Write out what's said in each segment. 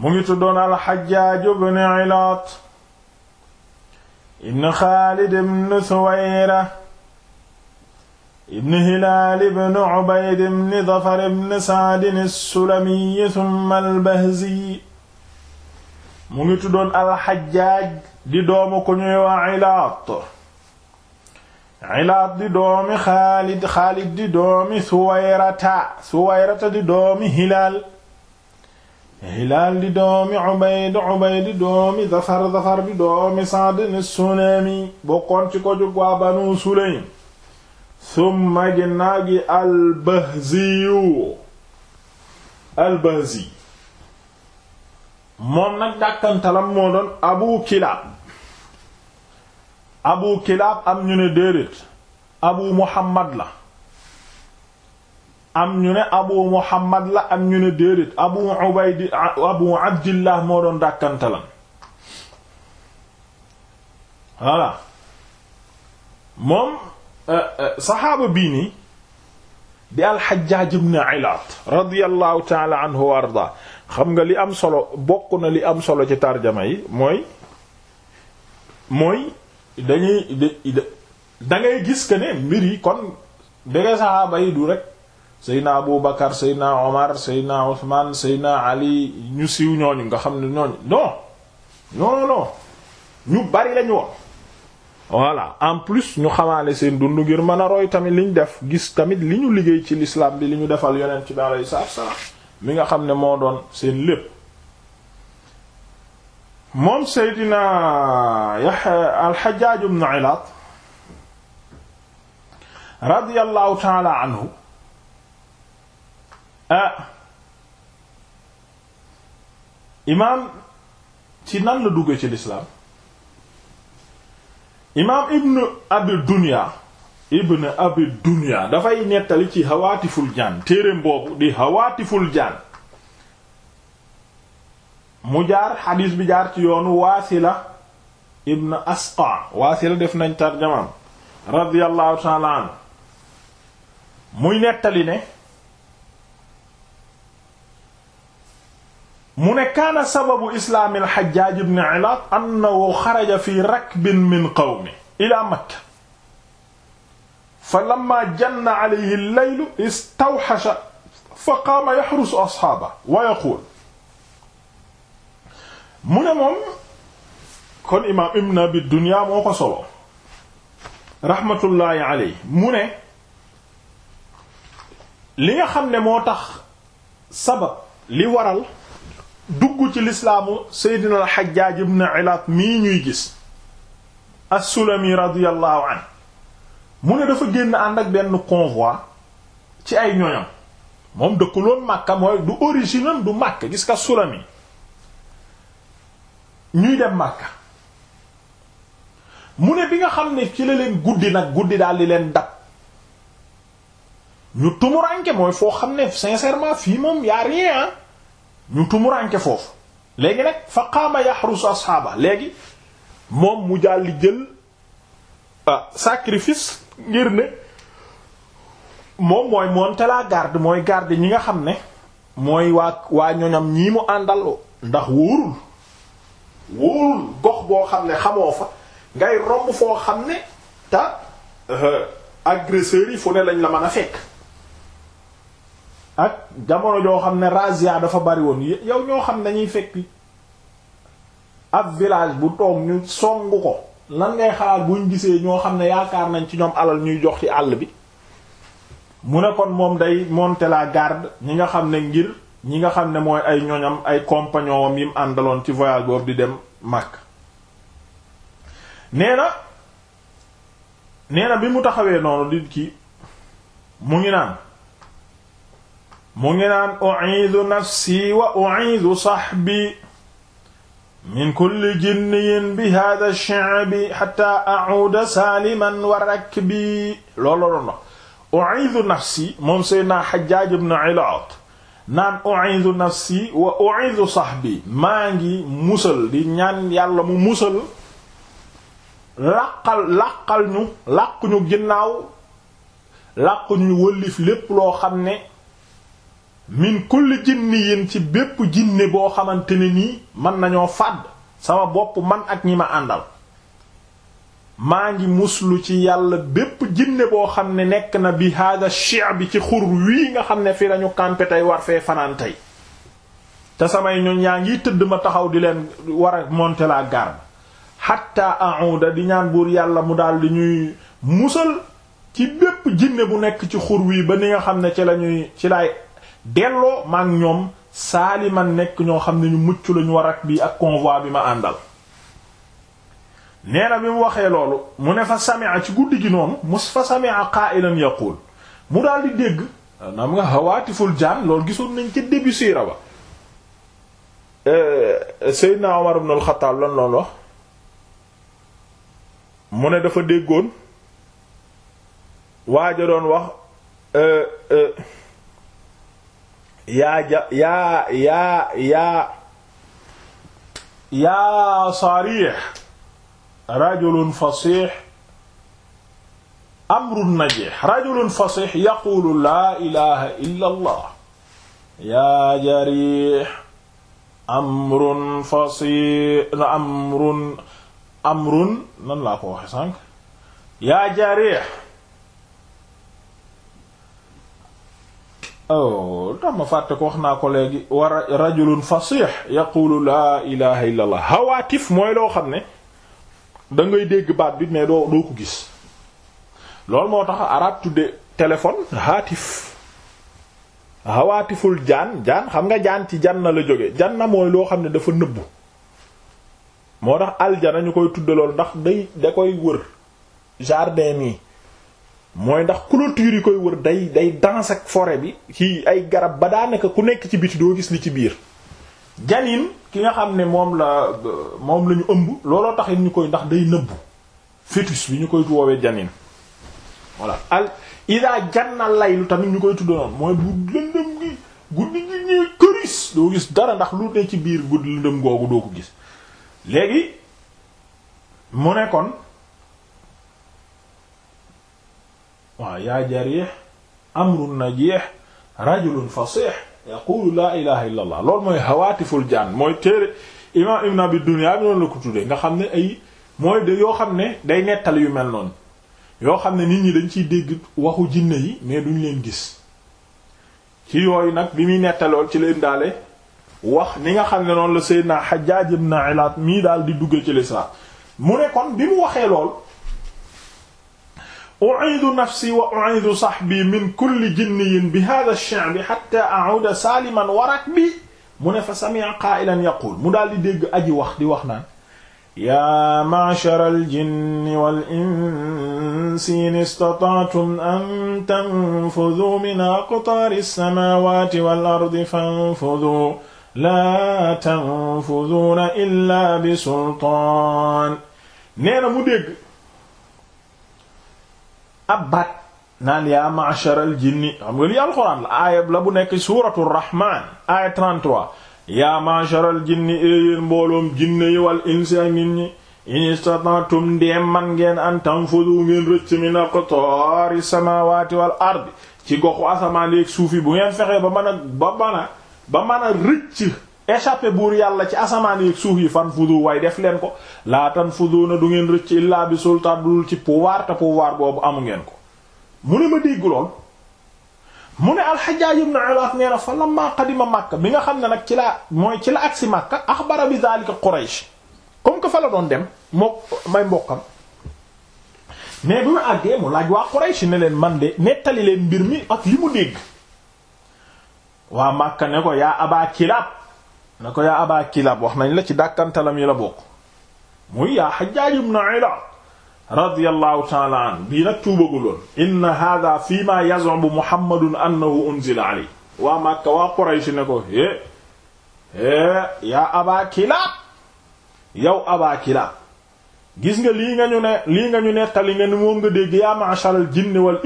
mu ngi tuddoon alxajjaaj ibn ilaat ibn xaalid ibn suwayra ibn hilaal ibn ubayd ibn dafar ibn saadin as-sulami thumma al-bahzi mu ngi tuddoon alxajjaaj di doomu ku ñuy waa ilaat ilaat di doomi xaalid xaalid di doomi suwayrata suwayrata di doomi hilaal hilaal di doomi ubayd ubayd doomi zafar zafar di doomi sa'd ni sunami bokkoon ci ko jug waa banu sulaym summa ginnaaw gi albahziyu albahzi moom nag dàkkantalam moo doon abu kilaab abu kilaab am ñu ne déedéet abu muhammad la am ñu ne abu muhammad la am ñu ne déedéet abu ubaydi abu abdillah moo doon dàkkantalam voilà moom euh, euh, saxaaba bii nii di alxajjaaj ibn ilaat radiallahu taala anhu wa arda xam nga li am solo bokk na li am solo ci tarjama yi mooy mooy dañuy da gis que ne mbir yi kon dëgg saxaaba yi du rek seydna abu bakar seydna omar seydna othman seydna ali ñu siiw ñooñu nga xam ne ñooñu non ñu bari lañu wax voilà en plus ñu xamaale seen dund ngir mën a roy tamit liñ def gis tamit li ñu liggéey ci lislaam bi li ñu defal yonent bi alayhi salaam mi nga xam ne moo doon seen lépp moom seydina Yahya al-Hajjaj ibn Ilat anhu Ah. imaam ci nan la dugge ci lislaam imaam ibn abi dunya ibn abi dunya dafay nettali ci hawaatiful jaan téereem boobu di hawaatiful jaan mu jaar xadiis bi jaar ci yoonu waasila ibn asqa waasila def nañ tarjamaam radiyallahu ta'ala anhu muy nettali ne mu ne kaana sababu islaami alxajjaaj ibn ilaat annahu xaraja fi rakbin min qawmi ila makka fa lamma janna alayhi llaylu istawxasha fa qaama yaxrusu asxaaba wa yaquul mu ne moom kon imaam ibn abi dunya moo ko solo raxmatullaahi alayhi mu ne li nga xam ne moo tax sabab li waral dugg ci lislaamu seydina al xajjaaj ibn ilaat mii ñuy gis as-sulami radiyallahu an mu ne dafa génn ànd ak benn convoi ci ay ñoñam moom dëkkuloon Makka mooy du origine du Makka gis ka sulami ñuy dem Makka mu ne bi nga xam ne ci la leen guddi nag guddi daal di leen dab ñu tumuranke mooy foo xam ne sincèrement fii moom y a rien ñu tumuranke foofu léegi nag fa qaama yaxrusu asxaaba léegi moom mu jàll jël ah sacrifice ngir ne moom mooy monter garde mooy garde ñi nga xam ne mooy waa waa ñoñam ñii mu àndal ndax wóorul wóorul gox boo xam ne xamoo fa ngay romb foo xam ne ta euh, agresseurs yi fu ne lañ la mën a fekk ak jamono joo xam ne razzia dafa bariwoon woon yow ñoo xam ne dañuy fekk ab village bu toog ñu song ko lan ngay xalaat buñ gisee ñoo xam ne yaakaar nañ ci ñoom alal ñuy jox ci àll bi mu ne kon moom day monter la garde ñi nga xam ne ngir ñi nga xam ne mooy ay ñoñam ay compagnon am yi mu àndaloon ci voyage boobu di dem Makka nee na nee na bi mu taxawee noonu di ki mu ngi naan mu ngi naan u'iidu nafsi wa u'iidu sahbi min kulli jinniyin bi hada shi'bi hatta a'uuda saaliman wa rakbi loolu la doon wax u'iidu nafsi moom Seydina Hajjaaj ibn Ilaat nafsi wa u'iidu sahbi maa ngi musal di ñaan yàlla mu musal làqal làqal ñu làqu ñu ginnaaw làqu ñu wëllif lépp loo xam ne min kulli jinniyin ci bépp jinne boo xamante ni nii man nañoo fàdd sama bopp man ak ñi ma àndal maa ngi muslu ci yàlla bépp jinne boo xam ne nekk na bi hada shi'a bi ci xur wii nga xam ne fi lañu campé tey war fee fanaan tey te samay ñoñ yaa ngi tëdd ma taxaw di leen war a monter la garde hatta di ñaan buur yàlla mu daal di ñuy musal ci bépp jinne bu nekk ci xur wii ba ni nga xam ne ci lañuy ci delloo maak ñoom saaliman nekk ñoo xam ne ñu mucc lañu war ak bi ak convoi bi ma àndal nee na bi mu waxee loolu mu ne fa sami'a ci guddi gi noonu mu fa sami'a qa'ilan yaqul mu daal di dégg nam nga hawaatiful jaan loolu gisoon nañ ca début siira ba euh, Seydina Omar ibn al-Khattab lan loolu wax mu ne dafa déggoon waaja doon wax euh, euh, yaa ja yaa yaa yaa yaa sarix rajulun fasix amrun najih rajulun fasix yaqulu laa ilaha illa allah yaa jarix amrun fasix amrun amrun nan laa ko waxe sànq yaa jarix oh tax ma fàtte ko wax naa ko léegi wa rajulun fasih yaqulu laa ilaha illa hawaatif mooy loo xam ne da dégg baat bi mais doo ko gis loolu moo tax arab tudde téléphone haatif hawaatiful jaan jaan xam nga jaan ci janna la jóge janna mooy loo xam ne dafa nëbbu moo tax aljana ñu koy tuddalool ndax day da koy wër jardin nii mooy ndax clôture yi koy wër day day dans ak forêt bi ci ay garab ba daanaka ku nekk ci biti doo gis li ci biir janin ki nga xam ne moom la moom lañu ëmb looloo taxit ñu koy ndax day nëbbu fétus bi ñu koy woowee janin voilà al jan janna laylu tamit ñu koy tudda noonu mooy bu lëndëm gi guddi gi ñuy këris doo gis dara ndax lu ne ci biir guddi lëndëm googu doo ko gis léegi mu nekkoon waaw ya jarih amrun najih rajulun fasih yaqulu la ilaha illa allah mooy hawatiful jaan mooy téere imam ibn abi dunya bi noonu la ko tuddee nga xam ne ay mooy de yoo xam ne day nettali yu mel noonu yoo xam ne nit ñi dañ ci dégg waxu jinne yi mais duñ leen gis ci yooyu nag bi muy nettalool ci leen daale wax ni nga xam ne noonu la Seydina Hajjaj ibn Ilaat mii daal di dugge ci lislaam mu ne kon bi mu waxee lool u'iidu nafsi wa u'iidu sahbi min kulli jinniyin bi haadha ash-sha'bi hatta a'uuda saaliman wa rakbi mu ne fa sami'a qaa'ilan yaquul mu daal di dégg aji wax di wax naan yaa ma'shara al-jinni wal-insi in istata'tum an tanfudhuu min aqtaari as-samaawaati wal-ardi fanfudhuu laa tanfudhuuna illaa bi sultaan nee na mu dégg ab baat naan yaa ma'sharal jinni xam nga lii alxuraan la bu nekk suuratu rahmaan aaya 33 yaa ma'sharal jinni yéen mbooloom jinne yi wal insi ak nit in istata'tum ndeem man ngeen an tanfudu ngeen rëcc min aqtaari samaawaati wal ardi ci goxu asamaan léegi suuf bu ngeen fexee ba mën a ba mën a ba mën a rëcc échappé buur yàlla ci asamaan yi suuf yi fan fudu way def leen ko laatan fudu na du ngeen rëcc illaa bi sultaan dul ci pouvoir te pouvoir boobu amu ngeen ko mu ne ma dégg lool mu ne alxajaaj ibn Ilaas nee na fa lamma qadima Makka bi nga xam ne nag ci la mooy ci la agsi Makka axbara bi zalika Quraysh comme que fa la doon dem moo may mbokkam mais bi mu àggee mu laaj waa Quraysh ne leen man de nettali leen mbir mi ak li mu dégg waa Makka na ko yaa Kilaab wax nañ la ci dàkkantalam yi la bokk muy yaa Hajjaaj ibn Ilaad radiyallahu ta'ala an bii nag tuubaguloon inna hadha fi ma yaz'ubu Muhammadun annahu unzila alayhi Makka waa Quraysh ne ko é é yaa Kilaab yow Abaa Kilaab gis nga lii nga ñu ne lii nga ñu nettali nga ni moom nga dégg yaa ma'shar al jinni wal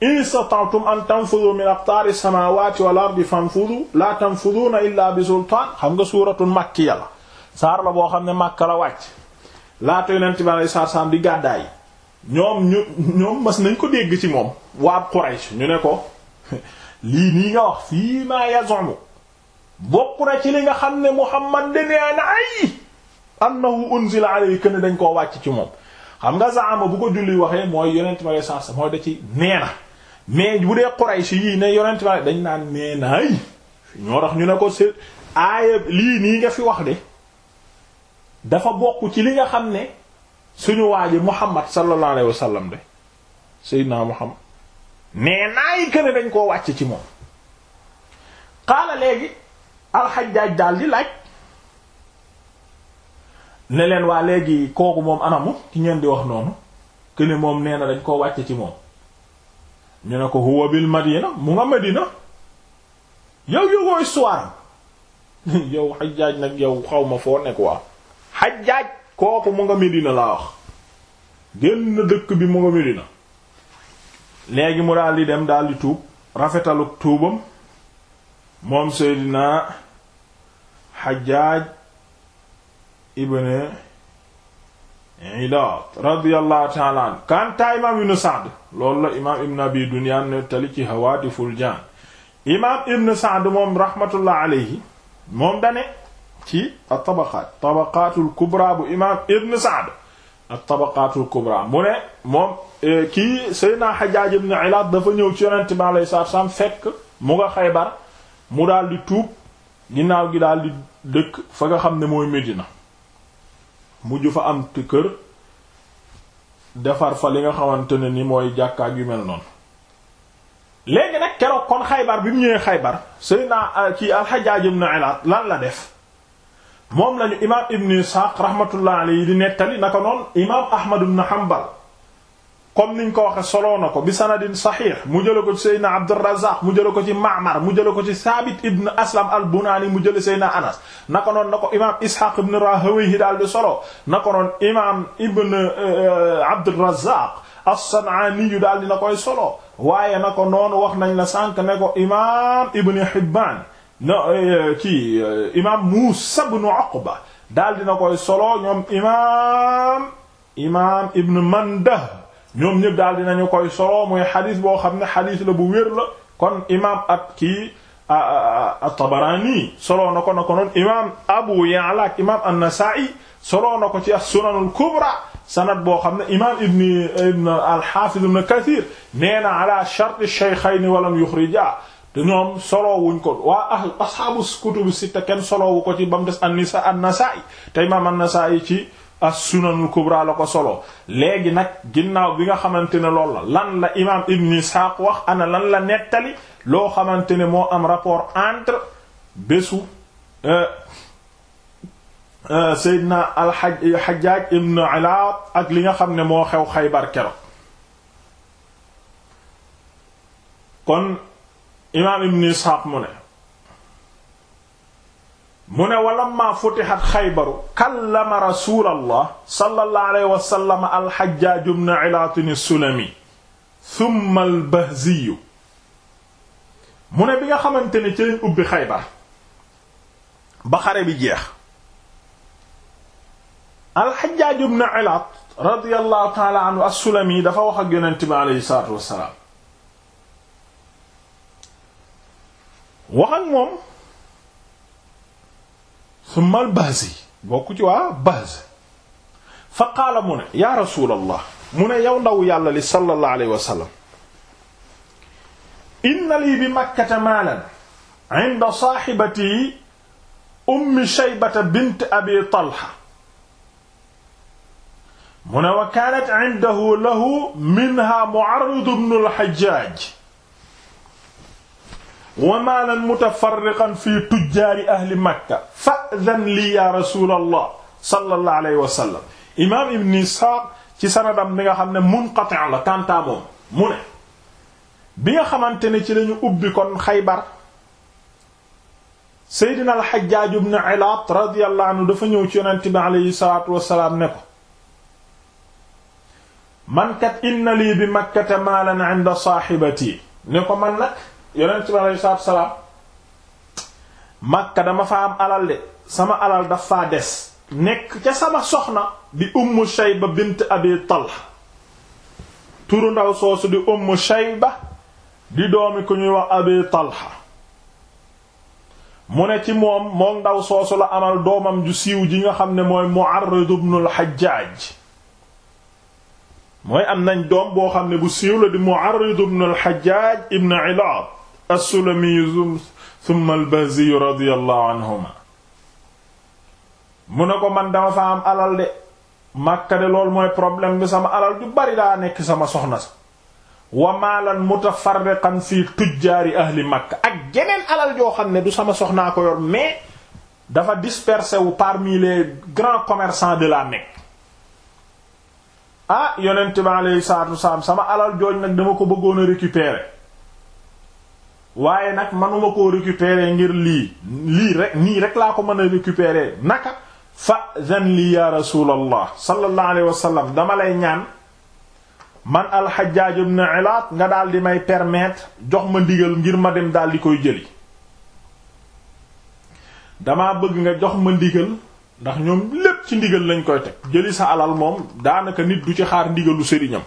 in istata'tum an tanfudu min aqtaari samawati wal ardi fanfudu la tanfuduna illa bi sultaan xam nga suuratu makkiya yàlla saar la boo xam ne makka la wàcc laata yonent bi alayhi salaatu salaam di gàddaay ñoom ñu ñoom mas ko dégg ci moom waa ñu ne ko lii nii wax fii maa bokk na ci li nga xam ne Muhammad danee na ay annahu unzila alayka ne dañ koo wàcc ci moom xam nga zaama bu ko julli waxee mooy yonent bi alayhi salaatu salaam mooy da ci nee mais bu dee Quraysh yii ne yonent ma dañ naan nee naay ñoo tax ñu ne ko se aaya lii nii nga fi wax de dafa bokk ci li nga xam ne suñu waa ji Muhammad sallallahu alayhi wasallam de Seydina Muhammad nee naay que ne dañ koo wàcc ci moom xaala léegi alxajjaaj daal di laaj ne leen waa léegi kooku moom anamu ki ngeen di wax noonu que ne moom nee na dañ koo wàcc ci moom ñu ne ko huwa bil madina mu nga madina yow yowoo histoire yow xajjaaj nag yow xaw ma foo nekk waa xajjaaj kooku mu nga medina laa wax génn dëkk bi mu nga medina léegi mu daal di dem daal tuub rafetaluk tuubam moom seydina xajjaaj ibne Ilaat radiyallahu ta'ala an kanta imaam ibn Sa'd loolu la imaam ibn Abi Dunyaan nettali ci Hawaadiful Jaan imaam ibn Sa'd moom rahmatullah alayhi moom dane ci at-Tabaqaat Tabaqaatul Kubra bu imaam ibn Sa'd at-Tabaqaatul Kubra mu ne moom e, kii Seydina Hajjaaj ibn Ilaat dafa ñëw ci Yonent bi alayhi salaatu salaam fekk mu nga Xaybar mu daal di tuub ginnaaw gi daal di dëkk fa nga xam ne mooy Medina mujj fa am kër defar fa li nga xamante ne ni mooy jàkkaak yu mel noonu léegi nag keroog kon xaybar bi mu ñëwee xaybar Seydina euh, ci al na ibn lan la def moom lañu imaam Ibn Isxaaq rahmatullah alayhi di nettali naka noonu imaam Ahmad ibn Hanbal comme niñ ko waxe soloo na ko bi sanadin saxiix mu jële ko ci seydna abdurazaq mu jële ko ci maamar mu jële ko ci saabit ibn aslam al bunaani mu jële seydna anas naka noon na ko imaam ishaq ibn rahawayhi daal di soloo naka noon imaam ibn euh, abdurazaq as-San'aani daal dina koy solo waaye na ko noonu wax nañ la sànq ne ko imaam Ibn Hibbaan no euh, kii euh, imaam Muusaa ibn Uqba daal dina koy solo ñoom imaam imaam Ibn Mandah ñoom ñëpp daal dinañu koy solo muy xadis boo xam ne xadis la bu wér la kon imaam at kii at-Tabarani solo na ko na ko noon imaam Abu Ya'la ak imaam an solo na ko ci a sunan al sanat boo xam ne imaam Ibn Ibn al-Hafiz Ibn Kathir nee na ala shart ash-shaykhayn wa lam yukhrija te ñoom solo wuñ ko waa ah ashaabu kutubu sitta kenn solo wu ko ci ba mu des an-Nisa an-Nasa'i te imaam an-Nasa'i ci. as-sunanul kubra la ko solo léegi nag ginnaaw bi nga xamante ne loolu lan la imaam Ibn Ishaq wax ana lan la nettali loo xamante ne moo am rapport entre bésu euh, euh, Seydina al-Hajjaj ibn Ilaat ak li nga xam ne moo xew Xaybar kero kon imaam Ibn Ishaq mu mu ne walamma futixat xaybaru kallama rasulallah sallallahu alayhi wa sallam alxajjaaju bnu ilaatin sulami summa albahziyu mu ne bi nga xamante ne ci lañ ubbi xaybar ba xare bi jeex alxajjaaju bnu ilaat radiyallahu taala anhu assulami dafa wax ak yonent bi aleyhi salaatu wassalaam wax ak moom summa al bahzi bokk ci waa bahz fa qaala mu ne yaa rasulallah mu ne yow ndaw yàlla li sallallahu alayhi wa sallam inna lii bi makkata maalan inda saaxibati ummi shaybata bint abi talha mu ne wa kaanat indahu lahu minha mu'arrid ibn al-hajjaj wa maalan mutafarriqan fi tujjaari ahli makka fa'dan li ya rasulallah sallallahu alayhi wa sallam imaam ibn Isxaaq ci sanadam bi nga xam ne munqati la tàntaa moom mu ne bi nga xamante ne ci lañu ubbi kon xaybar seydina al-Hajjaaj ibn Ilaat radiyallahu anhu dafa ñëw ci yonent bi alayhi salaatu wassalaam ne ko man kat inna lii bi makkata maalan inda saahibati ne ko man la yonent bi aleyhi salaatu salaam Makka dama fa am alal de sama alal daf faa des nekk ca sama soxna di Ummu Shayba bint Abi Talha turu ndaw soosu di Ummu Shayba di doomi ku ñuy wax Abi Talha mu ne ci moom moom ndaw soosu la amal doomam ju siiw ji nga xam ne mooy Mu'arrid ibnul Hajjaaj mooy am nañ doom boo xam ne bu siiw la di Mu'arrid ibnul Hajjaaj ibn Ilaad as-Sulamiyu thumma al-Bahziyu mu ne ko man dama fa am alal de Makka de loolu mooy problème bi sama alal ju bari daa nekk sama soxna sa wa maalan mutafarriqan fi tujjaari ahli Makka ak geneen alal joo xam ne du sama soxnaa ko yor mais dafa dispersé wu parmi les grand commerçants de laa Mecque ah yonent bi aleyhi salaatu wasalaam sama alal jooj nag dama ko bëggoon a waaye nag manuma koo récupérer ngir lii lii rek nii rek laa ko mën a récupérer naka fa zan li ya rasulallah sallallahu alayhi wa dama lay ñaan man alxajjaaj ibn ilaat nga daal di may permettre jox ma ndigal ngir ma dem daal di koy jëli dama bëgg nga jox ma ndigal ndax ñoom lépp ci ndigal lañ koy teg jëli sa alal moom daanaka nit du ci xaar ndigalu sëriñam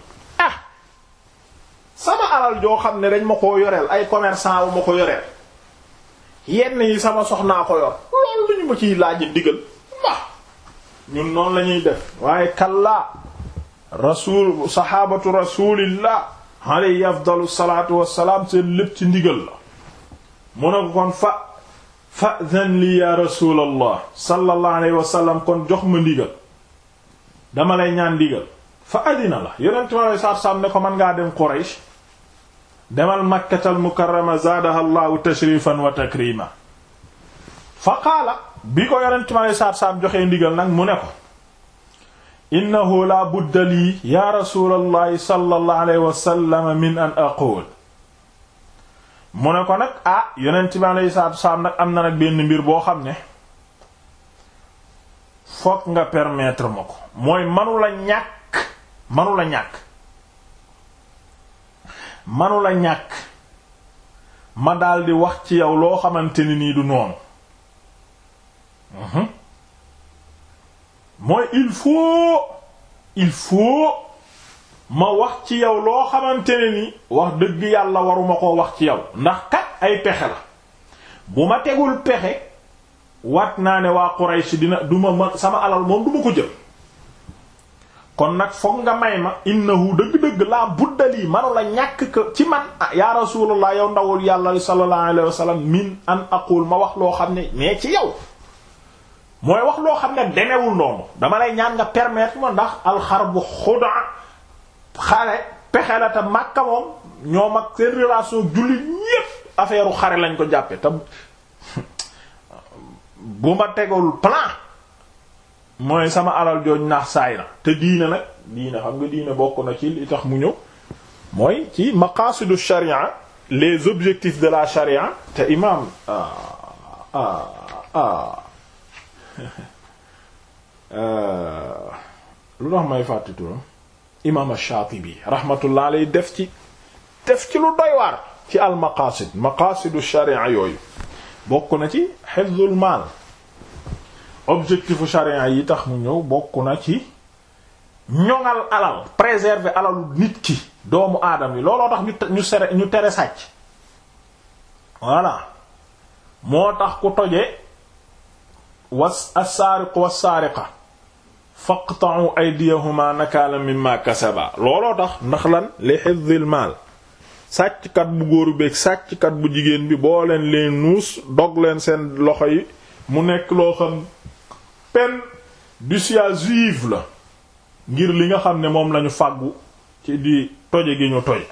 sama alal joo xam ne dañ ma koo yoreel ay commerçant wu ma ko yoreel yenn yi sama soxnaa ko yor loolu lu ñu ma ciy laaj ndigal ba ñun noonu la ñuy def waaye kallaa rasul sahabatu rasulillah alayhi afdalu salatu wassalaam seen lépp ci ndigal la mu ne ko kon fa fa'zan li ya rasulallah sallallahu alayhi wa kon jox ma ndigal dama lay ñaan ndigal fa adina la yonent ma lay ne ko mën ngaa dem Quraysh demal makkatal mukarrama zaadaha llahu tashrifan wa takrima fa qaala bi ko yonent mi alei saatu salaam joxee ndigal nag mu ne ko innahu la budda lii ya rasul allahi sallallahu alayhi wa min an aqul mu ne ko nag ah yonent mi alei saatu salaam nag am na nag benn mbir boo xam ne fokk nga permettre ma ko mooy manu la ñàkk manu la ñàkk manula ñàkk ma daldi wax ci yow loo xamante ni nii du noonu mhm. mooy il faut il faut ma wax ci yow loo xamante ni wax dëgg yàlla waruma ko wax ci yow ndax kat ay pexe la bu ma tegul pexe wat naa ne waa Quraysh dina duma ma sama alal moom duma ko jël kon nag foog nga may ma innahu dëgg-dëgg laa buddalii manu la ñàkk ko ci man ah, ya rasulullah yow ndawul yàlla sallallahu alayhi wa sallam an aqul ma wax loo xam ne mais ci yow mooy wax loo xam ne demewul noonu dama lay ñaan nga permettre ma ndax alxar bu xuda xare pexe la moom ñoom ak seen relation julli ñépp affaire xare lañ ko jàppe te bu ma tegul plan mooy sama alal jooñ naax saay te diina nag diina xam nga diina bokku na ci li tax mu ñëw mooy ci maqaasidu sharia les objectifs de la charia te imam ah ah ah euh, lu tax may fàtte turam imam Shaatibi rahmatullah alay def ci def ci lu doy waar ci al maqaasid maqaasidu sharia yooyu bokk na ci hifdhul maal objectifu charia yi tax mu ñëw bokk na ci ñoŋal alal préservé alalu nit ki doomu aadam yi looloo tax ñu tere sàcc voilà moo tax ku toje was as-saariqu ton saariqa faqta'u aydiyahuma nakaala mimma kasaba looloo tax ndax lan li hifdhil maal sàcckat bu góoru beeg sàcckat bu jigéen bi boo leen leen nuus dog leen seen loxo yi mu nekk loo xam pen peine dissuasive la ngir li nga xam ne moom lañu fàggu ci di toje gi ñu toj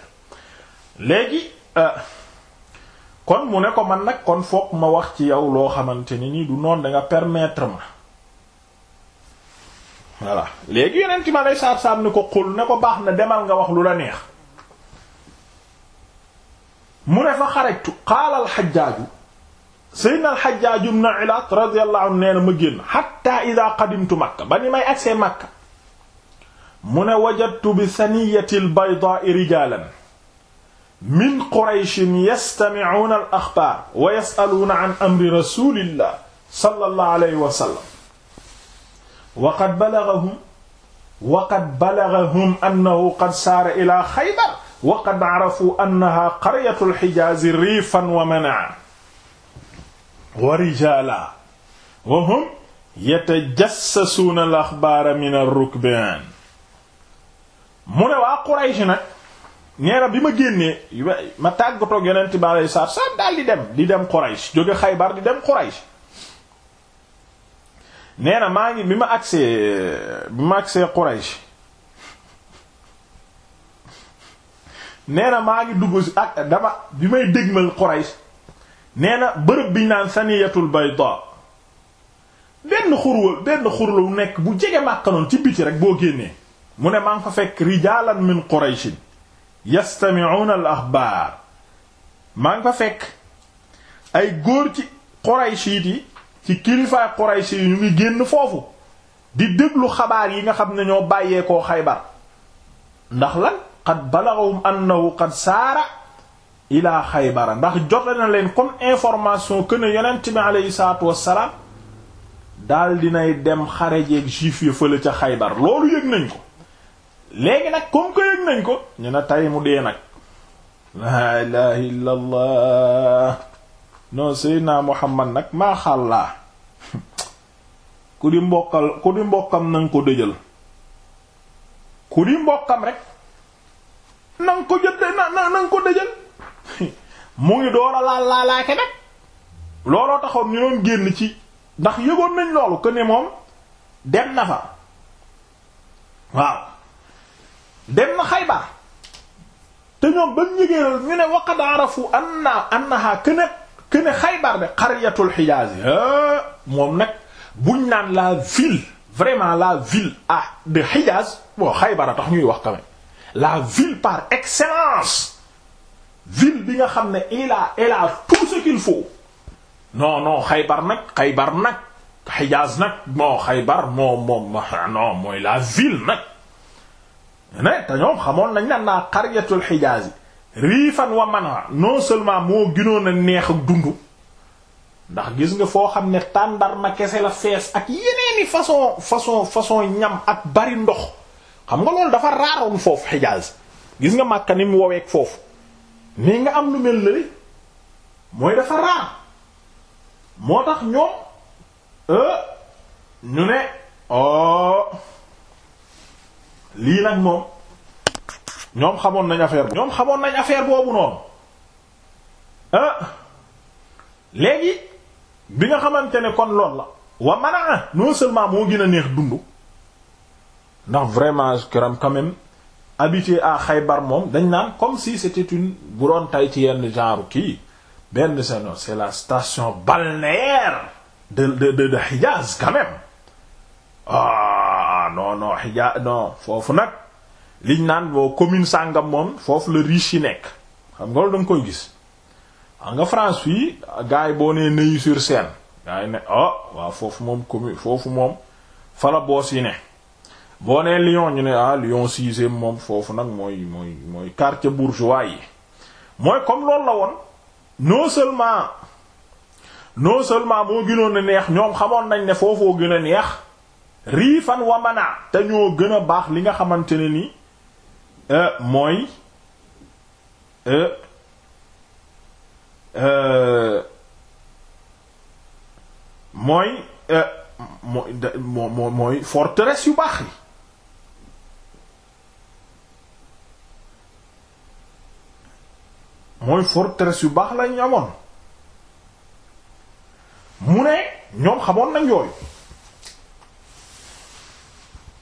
léegi euh, kon mu ne ko man nag kon foog ma wax ci yow loo xamante ni nii du noon da nga permettre ma voilà léegi yeneen ci ma lay saab-saab ni ko xul ne ko baax na demal nga wax lu la neex mu ne fa xarajtu xaalal xajjaaju Seydina al-Hajjaj ibn Ilaat radiyallahu anhu nee na ma génn hatta idha qadimtu Makka ba ni may agsee Makka mu ne wajadtu bi saniyati al-baydaa'i rijaalan min Qurayshin yastami'uuna al-axbaar wa yas'aluuna an amri rasuulillah sallallahu alayhi wa sallam wa qad balaghahum wa qad balaghahum annahu qad saara ilaa Xaybar wa qad arafuu annahaa qaryatu al-Hijaaz riifan wa manaa wa rijaala wa hum yatajassasuuna al axbaara min ar-rukbaan mu ne waa Quraysh nag neera bi ma génnee ma tàggatoog yonent bi alayhi salaatu salaam daal di dem di dem Quraysh jóge Xaybar di dem Quraysh nee maa ngi bi ma agsee bi ma maa ngi dugg si dama bi may dégmal Quraysh nee na bërëb bi naan saniyatul bayda benn xurwa benn xurlu nekk bu jege Makka noonu ci biti rek boo génnee mu ne maa ngi fa fekk rijalan min qurayshin yastami'una al axbaar maa ngi fa fekk ay góor ci qurayshit yi ci kilifaay qurayshi yi ñu ngi génn foofu di déglu xabaar yi nga xam ne ñoo bàyyeekoo xaybar ndax lan qad balaghum annahu qad saara ilaa xaybara ndax jote na leen comme information que ne yonent bi aleyhi salaatu wassalaam daal dinay dem xare jeeg juif yi fële ca xaybar loolu yëg nañ ko léegi nag comme que yëg nañ ko ñu ne tey mu dee nag laa ilaha illa allah non seydna muhammad nag maa xàllaa ku di mbokkal ku di mbokkam nanga ko dëjal ku di mbokkam rek nanga ko jëdde na na nga ko dëjal mu ngi door a laal laalaake nag looloo taxoon ñu doon génn ci ndax yëgoon nañ loolu que ne moom dem na fa waaw dem na Xaybar te ñoom ba ñu yëgee ñu ne waqad arafu anna annaha këne këne Xaybar de qaryatul Hijaaz moom nag buñ naan la ville vraiment la ville ah de Hijaaz bon Xaybar tax ñuy wax quand la ville par excellence ville bi nga xam ne il a il a tout ce qu'il Xaybar nag Xaybar nag Hijaaz nag moo Xaybar moo moom non mooy la ville nag ne te ñoom xamoon nañ nan naa xaryatul Hijaaz riifan wa mana non seulement moo gënoon a neex ak dund ndax gis nga foo xam ne tàndarma kese la fees ak yeneeni façon façon façon ñam ak bari ndox xam nga loolu dafa raaroon foofu Hijaaz gis nga Makka ni mu woweek foofu mais nga am lu mel ne mooy dafa raar moo tax ñoom euh, ñu ne oh lii nag moom ñoom xamoon nañ affaire boobu. ñoom xamoon nañ affaire boobu noonu ah léegi bi nga xamante ne kon lool la. wa man ah non seulement moo gën a neex dund ndax vraiment quand même. habité à Khaybar moom dañ naan comme si c'était une bu doon tay ci yenn genre kii benn seno c'est la station balnéaire de de de de Hijaz quand même ah non foofu nag liñ naan boo commune sàngam moom foofu la riche yi nekk xam nga loolu da koy gis xam nga France fii gars yi boo nee Neuilly-sur-Seine gars ne oh waaw foofu moom commune foofu moom fala boos yi ne boo nee Lyon ñu ne ah moom foofu nag mooy mooy mooy quartier bourgeois yi mooy comme loolu la woon non seulement non seulement moo gënoon a neex ñoom xamoon nañ ne foofoo gën a neex riifan wa manaa te ñoo gën a baax li nga xamante ne ni euh, mooy euh, euh, mooy mooy mooy forteresse yu baax yi mooy forteresse yu baax lañu amoon mu ne ñoom xamoon nañ yooyu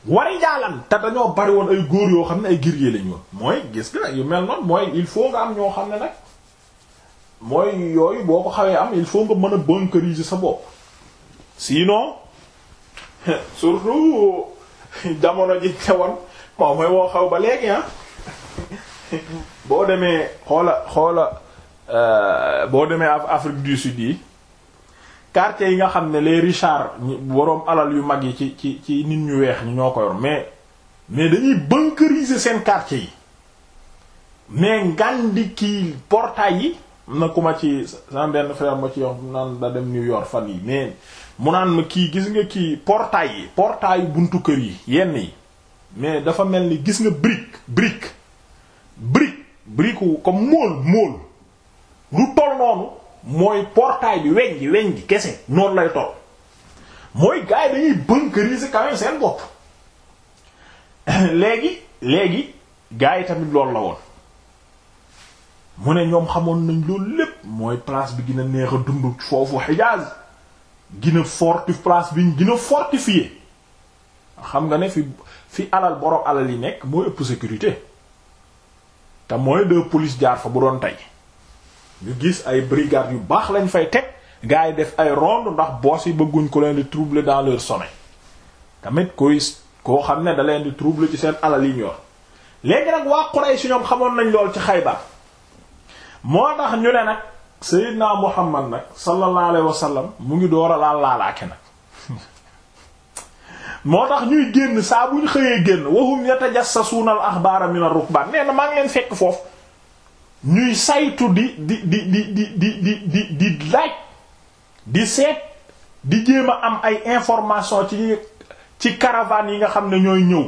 wari jaalan te dañoo bari woon ay góor yoo xam ne ay guerrier lañ woon mooy gis nga yu mel noonu mooy il faut nga am ñoo xam ne nag mooy yooyu boo ko xawee am il faut nga mën a bunkeriser sa bopp si no surtout jamono ji teewoon moom mooy woo xaw ba léegi ah boo demee xoola xoola euh, boo demee Afrique du Sud yi quartiers yi nga xam ne les Richard boroom alal yu mag yi ci ci ci nit ñu weex ñi ñoo ko yor mais mais dañuy bunkeriser seen quartier yi mais ngandi kii portail yi na ku ma ci sama benn frère ma ci yox naan da dem New York fan yi mais mu naan ma kii gis nga kii portail yi portail buntu kër yi yenn yi mais dafa mel ni gis nga brique brique brique brique comme móol móol lu toll noonu mooy portail bi weñ gi weñ gi kese noonu lay toll mooy gars yi dañuy bunkeriser quand même seen bopp léegi léegi gars yi tamit loolu la woon mu ne ñoom xamoon nañ loolu lépp mooy place bi gën a neex a dund foofu Hijaz gën forti place bi gën a fortifié xam nga ne fi fi alal borom alal yi nekk moo ëpp sécurité te mooy de police jaar fa bu doon tey ñu gis ay brigades yu baax lañ fay teg gars yi def ay ronde ndax boss yi bëgguñ ko leen di troubler dans leur sone tamit koy koo xam ne da leen di trouble ci seen alal yi ñor léegi nag waa Quraysh ñoom xamoon nañ lool ci Xaybar moo tax ñu ne nag Seydina Muhammad nag sallallahu alayhi wa sallam mu ngi door a laal laalaake nag moo tax ñuy génn saa bu ñu xëyee génn wahum yatajassasuuna al axbaara min ar-rukbaan nee na maa ngi leen fekk foofu ñuy saytu di di di di di di di di laaj di seet di jéem a am ay information ci ci yi nga xam ne ñooy ñëw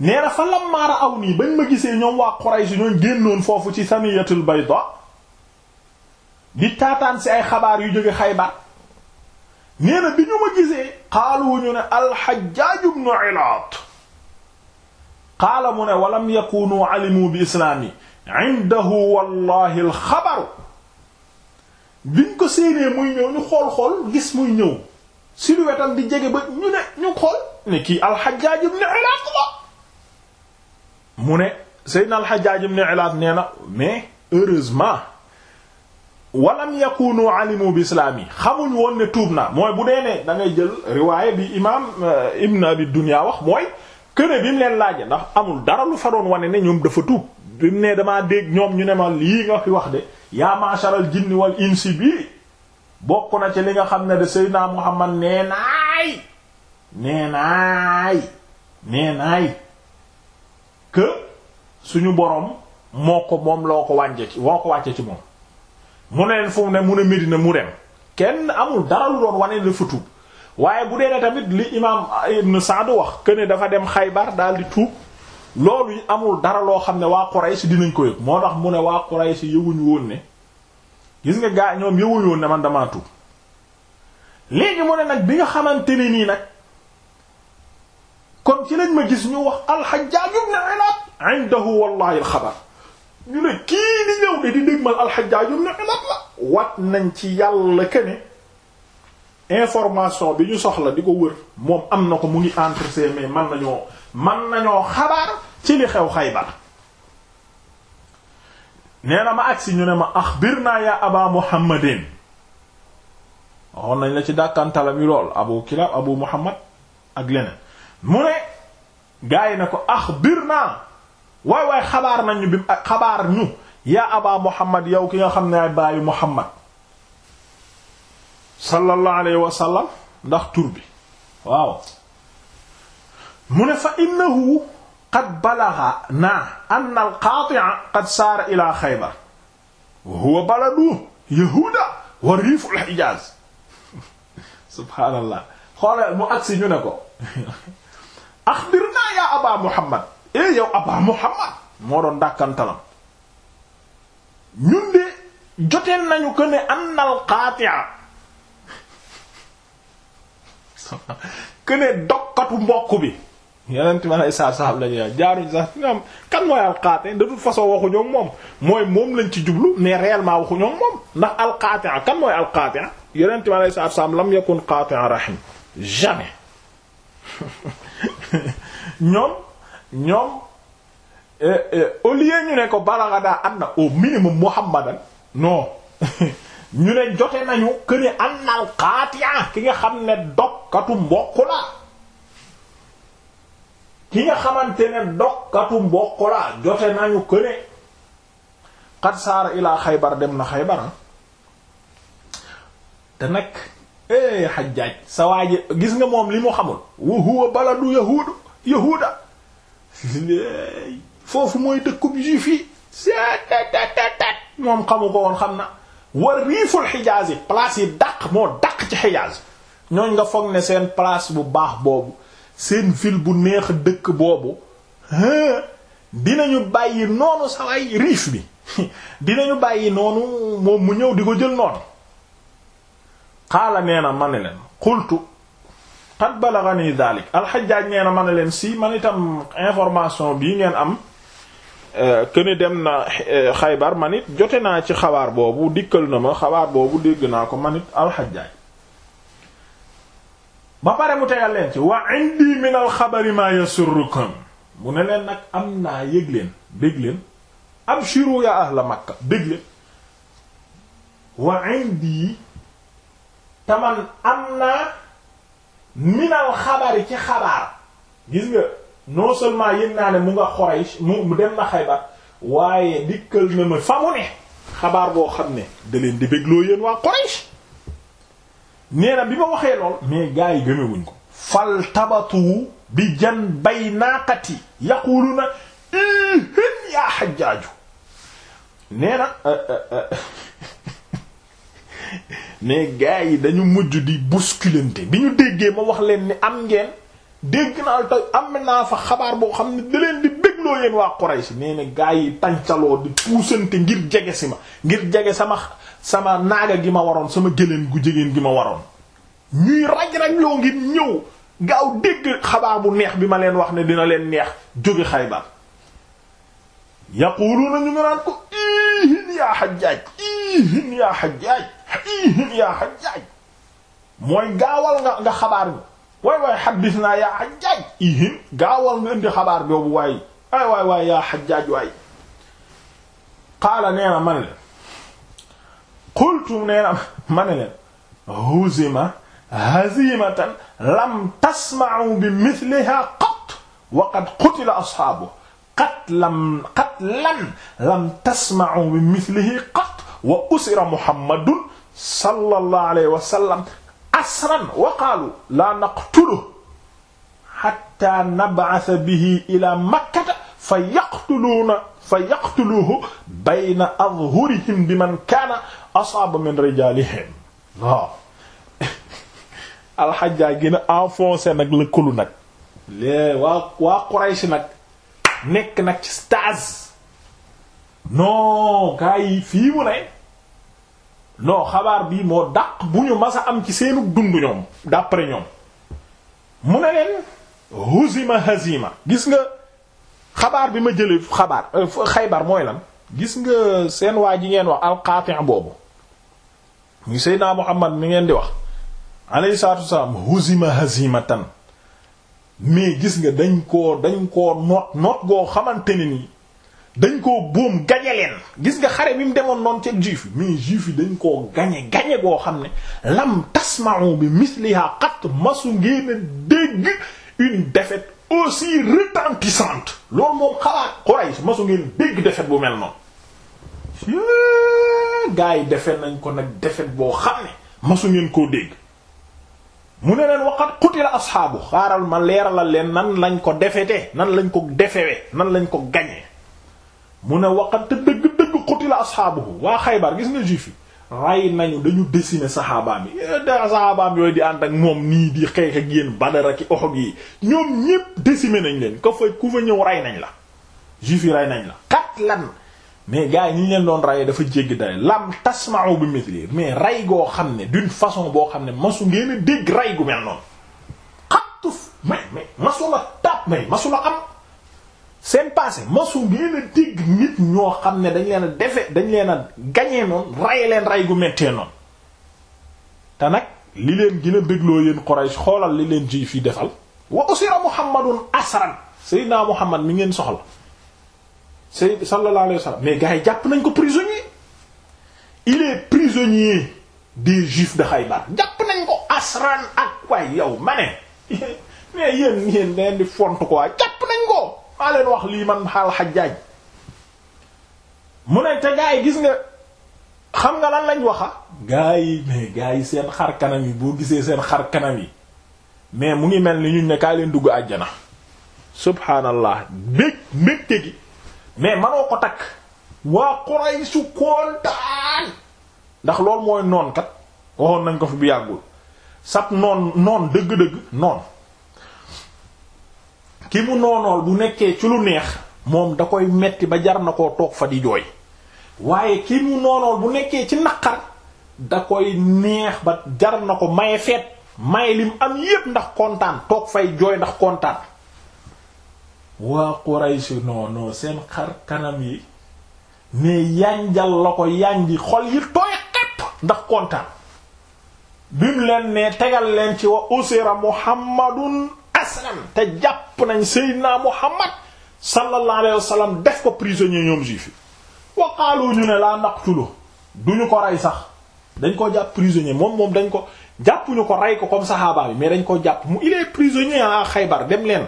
nee na fa lammaara aw nii bañ ma gisee ñoom waa Quraysh ñooñ génnoon foofu ci saniyatul bayda di taataan si ay xabaar yu jóge Xaybar nee bi ñu ma gisee xaaluwuñu ne alxajjaaj ibnu ilaat qaala mu ne walam yakunu alimu bi islaami indahu wallahi alxabaru biñ ko séenee muy ñëw xool gis muy ñëw silhouette am di jege ba ñu ne ñu xool ne kii alxajjaaj ibnu ne na mais heureusement walam yakunu alimu bi islaam yi xamuñ woon ne tuub naa mooy bu nee ne da ngay jël riwaayé bi imaam euh, ibn abi dunya wax mooy këne bi mu leen laajee ndax amul dara lu fa doon wane ne ñoom dafa tuub bi mu ne damaa dégg ñoom ñu ne ma lii nga fi wax de yaa masharal jinni wal insi bi bokk na ci li nga xam ne de seydina muhammad nee naay nee naay nee naay suñu borom moo ko moom loo ko wànce ci woo ko wàcce ci moom mu ne fu mu ne mu ne na mu dem kenn amul dara lu doon wane dafa tuub waaye bu dee ne tamit li imaam Ibn Sa'd wax que dafa dem Xaybar daal di tuub loolu amul dara loo xam ne waa Quraysh dinañ ko yëg moo tax mu ne waa Quraysh yëguñu woon ne gis nga gaa ñoom yëguñu woon ne man damaa tuub léegi mu ne nag bi nga xamante ni nii nag kon ci lañ ma gis ñu wax al-Hajjaj ibn Ilaat indahu wallahi al ñu ne kii di ñëw de di dégmal alxajjaaj ibn Imaam la wat nañ ci yàlla ke ne information bi ñu soxla di ko wër moom am na ko mu ngi entre ses man nañoo man nañoo xabaar ci li xew Xaybar nee na ma agsi ñu ne ma axbirnaa ya aba muhammadin waxoon nañ la ci dàkkantalam yi lool abu kilab abu muhammad ak leneen mu ne gaa yi ne ko axbirnaa waay waay xabaar nañu bi xabaar ñu yaa aba muhammad yow ki nga xam ne ay baayu muhammad sallallahu alayhi wa sallam ndax tur bi waaw mu ne fa innahu qad balagha na anna al qati'a qad saara ila xaybar wa huwa baladu yahuda wa riifu al hijaz subhaanallah xoolal mu agsi ñu ne ko axbirna ya aba muhammad eh yow Aba Muhammad moo doon dàkkantalam ñun de joteen nañu ko ne annal qaati'a que ne dokkatu mbokk bi ti ma lay saab saab lañuy wax jaaruñ sax ñoom kan mooy alqaate de toute façon waxuñoo moom mooy moom lañ ci jublu mais réellement waxuñoo moom ndax alqaate kan mooy alqaate yeneen ma lay saab saab lam yakun qaati'a rahim jamais ñoom ñoom euh, euh, au lieu ñu ne ko balaxa daa am na au minimum muhammadan noo ñu ne jote nañu këne annal xaatiya ki nga xam ne dokkatu mbokk la ki nga xamante ne dokkatu mbokk la jote nañu këne xat saara ilaa xaybar dem na xaybara ah. te nag eh xajjaaj sa waa gis nga moom li mu xamul wa huwa baladu yahuudu yahuuda foofu mooy dëkkub juif yi seetatatat moom xamu ko woon xam na war riiful xijaas yi place yi dàq moo dàq ci xijaas ñooñ nga foog ne seen place bu baax boobu seen ville bu neex dëkk boobu dinañu bàyyi noonu saway riif bi dinañu bàyyi noonu moom mu ñëw di ko jël noonu xaala nee na ma xultu qad balaghani dhalik alxajaaj nee ma ne leen si man itam information bii ngeen am këne euh, dem na euh, xaybar man it jote naa ci xabaar boobu dikkal na ma xabaar boobu dégg naa ko man it alxajaaj ba pare mu tegal leen ci wa indi min alxabari ma yasurrukum mu ne leen nag am naa yëg leen dégg leen abshiru ya ahla makka dégg leen wa indi taman am naa minal xabari ci xabaar gis nga non seulement yëg naa ne mu nga Quraysh mu dem na Xaybar waaye dikkal na ma fa mu ne xabaar boo xam ne da leen di bégloo yéen waa Quraysh nee bi ma waxee lool mais gars yi gëmewuñ ko fal tabatu bi jan bay naaqati yaquluna ihin yaa xajjaaju nee euh, euh, euh, mais gaa yi dañu mujj di bousculante bi ñu déggee ma wax leen ni am ngeen dégg naa te am naa fa xabaar boo xam ne da leen di bégloo yéen waa Quraysh nee na gaa yi tàncaloo di puusante ngir jege si ma ngir jege sama sama naaga gi ma waroon sama gëléen gu jegeen gi ma waroon ñuy raj-raj loo ngir ñëw gaaw dégg xabaar bu neex bi ma leen wax ne dina leen neex jóge Xaybar yaquluuna ñu ngi naan ko ihin yaa Hajjaaj atihim yaa Hajjaaj mooy gaawal nga nga xabaar bi waay waay xaddis naa yaa Hajjaaj ihim gaawal nga indi xabaar boobu waay waay waay waay yaa Hajjaaj waay qaala nee na man leen qultu nee na man leen huzima hazimatan lam tasma'u bi mithliha qat wa qad qutila ashaabuhu qatlan qatlan lam tasma'u bi mithlihi qat wa usira Muhammadun sallallahu alayhi wa sallam asran wa qaalu laa naqtuluhu hatta nab'atha bihi ila makkata fa yaqtuluuna fa yaqtuluhu bayna adhurihim biman kaana asaaba min rijaalihim waaw alxajjaa gën a enfoncé nag lëkkalu nag lée waa waa Quraysh nag nekk nag ci stage non gars yi fii mu ne non xabaar bii moo dàq bu ñu mas a am ci seenu dund ñoom d'après ñoom mu ne leen huzima hazima gis nga xabaar bi ma jële xabaar euh, xaybar mooy lan gis nga seen waa ji ngeen wax alqaati' boobu ñu seydinaa Muhammad mi ngeen di wax alayhi salaatu wassalaam huzima hazimatan mais gis nga dañ ko dañ ko noot noot goo xamante ni nii dañ koo boom gañe leen gis nga xare bi mu demoon noonu ci juif yi mais juif yi dañ koo gañe gañe boo xam ne lam tasma'u bi misliha qat masu ngeen a dégg une défaite aussi retentissante loolu moom xalaat Quraysh masu ngeen dégg défaite bu mel noonu gaa yi defe nañ ko nag défaite boo xam ne masu ngeen koo dégg mu ne leen waqat qutila asxaabu xaaral ma leeralal leen nan lañ ko defete nan lañ ko defewe nan lañ ko gañe mu ne waqat te dëgg-dëgg qutila asxaabuhu waa xaybar gis nga juif yi ray nañu dañu dessiner saxaabaam yi eh, da saxaabaam yooyu di ànd ak moom nii di xeex ak yéen Badar ak Uhud yi ñoom ñépp dessiner nañ leen ko fa ku fa ñëw ray nañ la juif yi ray nañ la xat lan mais gars yi ñi ñu leen doon rayee dafa jéggi dale lam tasma'u bi mithli mais ray goo xam ne d'une façon boo xam ne masu ngeen a dégg ray gu mel noonu xattuf mais mais masu la tap mais masu la am seen passé masu ngeen a dégg nit ñoo xam ne dañ leen defe dañ leen a gañee noonu raye leen ray gu méttee noonu te nag li leen gën a bégloo yéen Quraysh xoolal li leen ji fi defal wa usira Muhammadun asran Seydina Muhammad mi ngeen soxla Seyd sallallahu alayhi wa sallam mais gars yi jàpp nañ ko prisonnier il est prisonnier des de Khaybar jàpp nañ ko asran ak waay yow ma ne mais yéen leen dañ di font quoi jàpp nañ ko maa leen wax lii man xaal xajjaaj mu ne te gaa yi gis nga xam nga lan lañ waxa gaa yi mais gaa yi seen xar kanam yi boo gisee seen xar kanam yi mais mu ngi mel ni ñun ne kaay leen dugg àjjana subhaanallah bég mbégte gi mais manoo ko takk waa Quraysh kontaan ndax loolu mooy noon kat waxoon nañ ko fi bu yàggul sab noon noon dëgg-dëgg noon ki mu noonool bu nekkee ci lu neex moom da koy metti ba jar na ko toog fa di jooy waaye ki mu noonool bu nekkee ci naqar da koy neex ba jar na ko maye feet maye lim am yépp ndax kontaan toog fay jooy ndax kontaan waa Quraysh non non seen xar kanam yi ne yanjal la ko yanji xol yi tooy xepp ndax kontaan bim leen ne tegal leen ci wa usira Muhammadun aslam te jàpp nañ Seydina Muhammad sallallahu alayhi wa sallam def ko prisonnier ñoom juif yi wa qaalu ñu ne laa naqtulu duñu ko rey sax dañ koo jàpp prisonnier moom moom dañ ko jàppuñu ko rey ko comme mais dañ ko jàpp mu il est prisonnier à Xaybar dem leen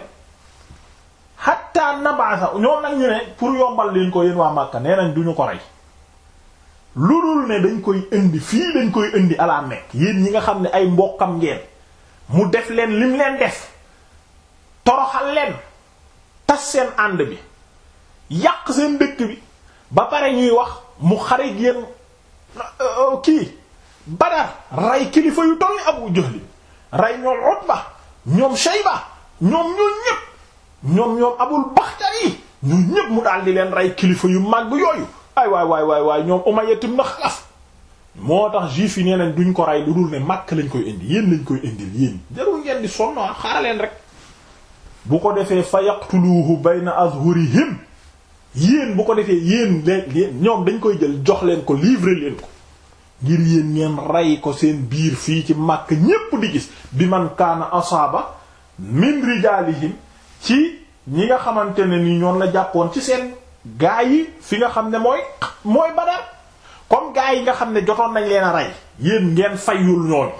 hatta nabasa ñoom nag ñu ne pour yombal leen ko yéen waa Makka nee nañ duñu ko rey lu dul ne dañ koy indi fii dañ koy indi à la Mecque ñi nga xam ne ay mbokkam ngeen mu def leen lim leen def toroxal leen tas seen ànd bi yàq seen dëkk bi ba pare ñuy wax mu xare yéen euh, kii Badar rey kilifa yu toll Abu Jahl rey ñoom Utba ñoom Shayba ñoom ñoom ñoom ñoom Abul Bakhtari ñoom ñépp mu daal di leen rey kilifa yu màgg yooyu ay waay waay waay waay ñoom Umayya ibn Khalaf moo tax juif yi nee nañ duñ ko rey lu dul ne Makka lañ koy indi yéen lañ koy indi yéen jarul ngeen di sonn xaaraleen rek bu ko defee fa yaqtuluuhu bayna azhurihim yéen bu ko defee yéen leen ñoom dañ koy jël jox leen ko livrer leen ko ngir yéen ngeen rey ko seen biir fii ci màkk ñépp di gis bi man kaana asaaba min rijaalihim ci ñi nga xamante ne ni ñoon la jàppoon ci seen gaa yi fi nga xam ne mooy mooy Badar comme gaa yi nga xam ne jotoon nañ leen a rey yéen ngeen fayul ñooñu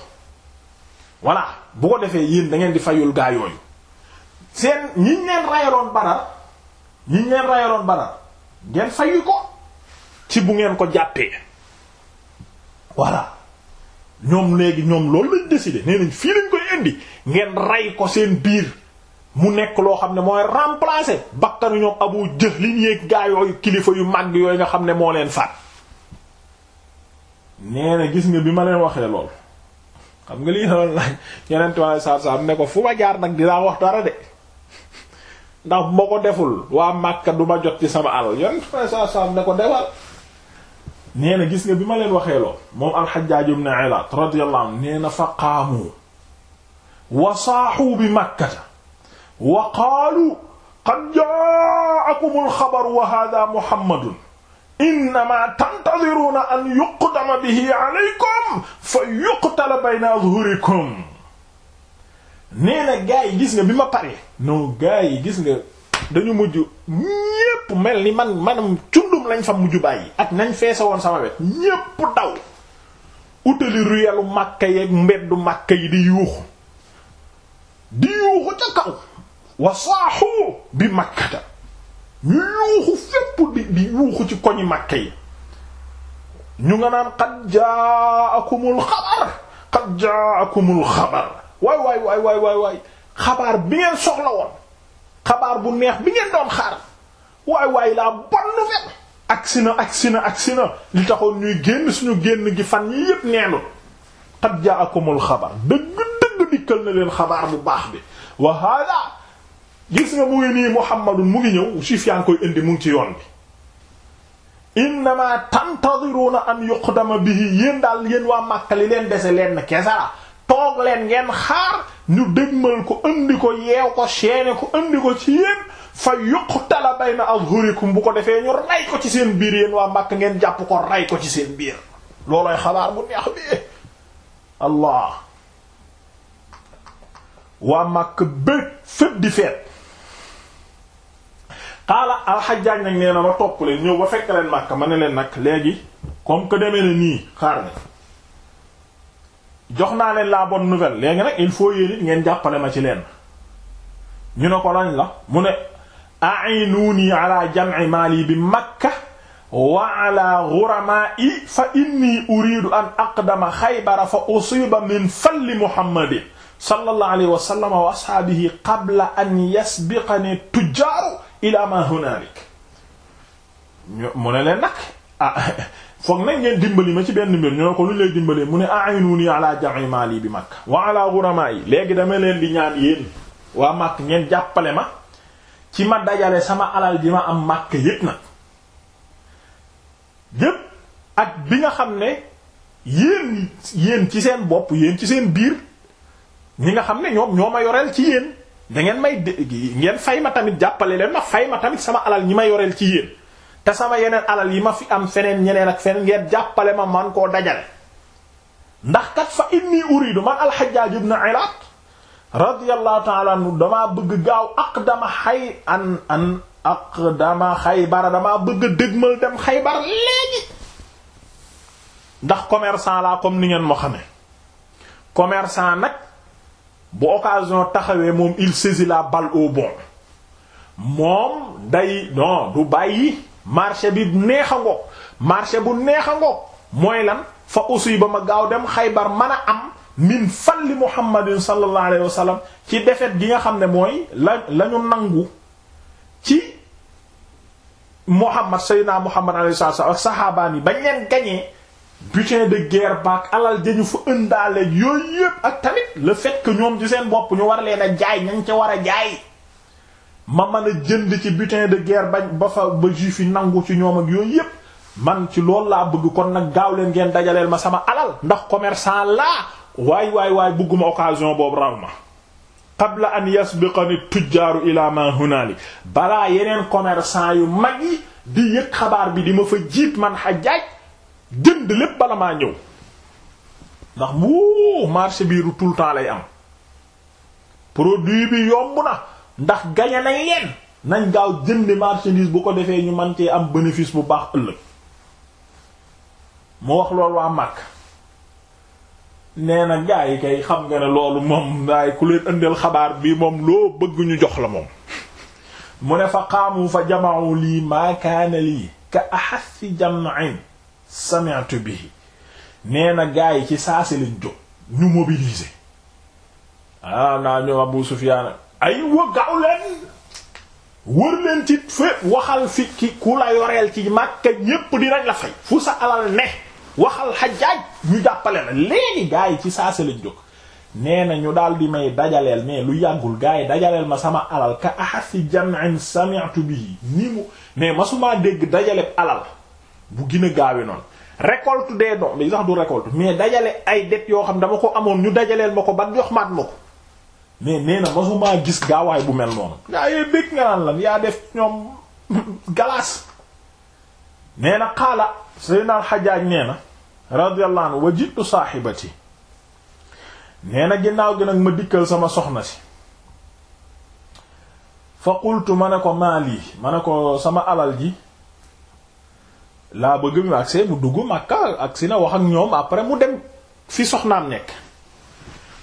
voilà bu ko defee yéen da ngeen di fayul gaa yooyu seen ñiñ leen rayaloon Badar ñiñ leen rayaloon Badar ngeen fayu ko ci bu ngeen ko jàppee voilà ñoom léegi ñoom lool lañ décidé nee nañ fii lañ koy indi ngeen ray ko seen biir mu nekk loo xam ne mooy remplacer bakkanu ñoom Abu Jahlin yeeg gaa yooyu kilifa yu màgg yooyu nga xam ne moo leen faat nee na gis nga bi ma leen waxee lool xam nga lii na lool laaj yeneen tool yi ne ko fu ma jaar nag dinaa wax dara de. ndax ma ko deful waa Màkka du ma jot ci sama alal yan sa sam ne ko defal nee na gis nga bi ma leen waxee lool moom al-Hajjaj ibn Ilat radiyallahu anhu nee na fa qaamu wa saaxuu bi makkata wa qaalu qad ja'akum al-xabaru wa hadha Muhammadun innama tantadhiruna an yuqdama bihi alaykum fa yuqtala bayna azhurikum nee na gars yi gis nga bi ma paree non gars yi gis nga dañu mujj ñépp mel ni man manam cundum lañ fa mujj bàyyi ak nañ feesa woon sama wet ñépp daw utali ruyalu màkka yi ak mbeddu màkka yi di yuuxu di yuuxu bi makkata ñu ci koñi màkka yi ñu nga naan qad xabar qad xabar waay waay waay waay waay xabaar bi ngeen soxla woon xabaar bu neex bi ngeen doon xaar waay waay la bonne nouvelle agsi na agsi na agsi na li taxoon ñuy génn suñu génn gi fan yi yépp neenul qad ja'akumul xabar dëgg dëgg dikkal na leen xabaar bu baax bi wa hada gis nga mu ngi nii muhammadun mu ngi ñëw suuf yaa ngi koy indi mu ngi ci yoon bi innama tantadiruna an yuqdama bihi yéen daal yéen waa Makka li leen dese leen kesara toog leen ngeen xaar ñu dégmal ko indi ko yeew ko seene ko indi ko ci yéen fa yuqtala bayna azhurikum bu ko defee ñu ray ko ci seen biir yéen waa Makka ngeen jàpp ko ray ko ci seen biir loolooy xabaar bu neex bi allah waa Makka bég fépp di feet xaala alxajjaaj nag nee na ma topp leen ñëw ba fekk leen Makka ma ne leen nag léegi comme que demee na nii xaar ne jox naa leen la bonne nouvelle léegi nag il faut yéen it ngeen jàppale ma ci leen ñu ne ko lañ la mu ne a'inuni ala jam'i mali bi makka wa ala ghurama'i fa inni uridu an aqdama xaybara fa usiba min falli muhammadin sallallahu alayhi wa sallam wa ashaabihi qabla an yasbiqani tujjaaru ila ma hunalik mu ne leen nag ah, foog nag ngeen dimbali ma ci benn mbir ñoo ko lu lee lay dimbali mu ne a'inuni ala jam'i mali bi Makka wa ala ghurama'i léegi dama leen di ñaan yéen waa Makka ngeen jàppale ma ci ma dajale sama alal ji ma am Makka yépp nag yépp ak bi nga xam ne yéen yéen ci seen bopp yéen ci seen biir ñi nga xam ne ñoom ñoo ma yoreel ci yéen dangeen may may ngeen fay ma tamit jàppale leen ma fay ma tamit sama alal ñi ma yoreel ci yéen te sama yeneen alal yi ma fi am feneen ñeneen ak feneen ngeen jàppale ma man koo dajale ndax kat fa inni uridu man al-Hajjaj ibn Ilat radiyallahu ta'ala bëgg gaaw dama xay an an aqdama Xaybar damaa bëgg a dégmal dem Xaybar léegi ndax commerçant laa comme ni ngeen moo xamee commerçant nag bu occasion taxawee moom il saisit la balle au bond moom day non du bàyyi marché bi neex a ngoog marché bu neex a ngoog mooy lan fa ba ma gaaw dem xaybar man a am min li muhammadin sallallahu alayhi wa sallam ci defet gi nga xam ne mooy la la nangu ci muhammad sayyidina muhammad alayhi wasallam ak saxaabaan yi bañ leen gañee butin de guerre alal alal dañu fa ëndaale yooyu yëpp ak tamit la fait ñoom di seen bopp ñu war a leen a jaay ñañ ca war a jaay ma mën a jënd ci butin de ger bañ ba ba juif yi nangu ci ñoo ak yooyu yépp man ci lool laa bëgg kon nag gaaw leen ngeen dajaleel ma sama alal ndax commerçant laa waay waay waay bëgguma occasion boobu raw ma qabla an yasbiqani tujjaaru ila ma hunali balaa yeneen commerçant yu mag yi di yëg xabaar bi di ma fa jiit man xajaaj jënd lépp bala maa ñëw ndax mu marché biiru tout le temps lay am produit bi yomb na ndax gañe nañ leen nañ gaaw jëndi marchandise bu ko defee ñu man cee am bénéfice bu baax ëllëg mu wax loolu waa màkk nee na gaa yi kay xam nga ne loolu moom daay ku leen ëndeel xabaar bii moom loo bëgg ñu jox la moom mu ne fa xaamu fa jamaawu lii maakaane lii ka ahasi jam'in sami'tu bihi nee na gaa yi ci saasi lañ jóg ñu mobiliser ah naa ñoom Abu Sufyaan ay wa gaaw leen wër leen ci fépp waxal fi ki ku la yoreel ci Makka ñépp dinañ la fay fu sa alal ne waxal Hajjaaj ñu jàppale la léegi gars yi ci saase lañ jóg nee na ñu daal di may dajaleel mais lu yàggul gars yi dajaleel ma sama alal ka ahasi jam'in sami'tu bihi nii mu mais masumaa dégg dajale alal bu gën a gaawe noonu récolte de dons bi sax du récolte mais dajale ay det yoo xam dama ko amoon ñu dajaleel ma ko ba jox maat ma ko mais nee na masumaa gis gaawaay bu mel noonu yaa yee bëgg nga naan lan yaa def ñoom galaas nee na xaala sayyidina al-Hajjaj nee na radiyallahu anhu wa jitu saahibati na ginnaaw gi nag ma dikkal sama soxna si fa qultu ma ne ko maali ma ne ko sama alal ji laa bëgg mu agse mu dugg Makka agsi na wax ak ñoom après mu dem fi soxnaam nekk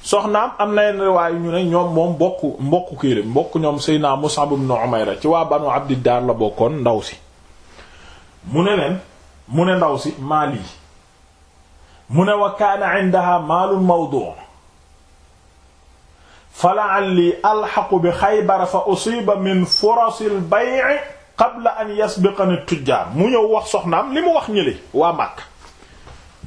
soxnaam am na yenn riwaayu ñu ne ñoom moom mbokk mbokk kii mbokk ñoom Seydina Mus'ab ibn Umayra ci waa Banu Abdiddar la bokkoon ndaw si mu ne leen mu ne ndaw si maal yi mu ne wa kaana indaha maalun mawdu' fa la'allii alhaqu bi Xaybar fa usiiba min furasil bay'i qabla an yasbiqani tujjaar mu ñëw wax soxnaam li mu wax ñële waa Makka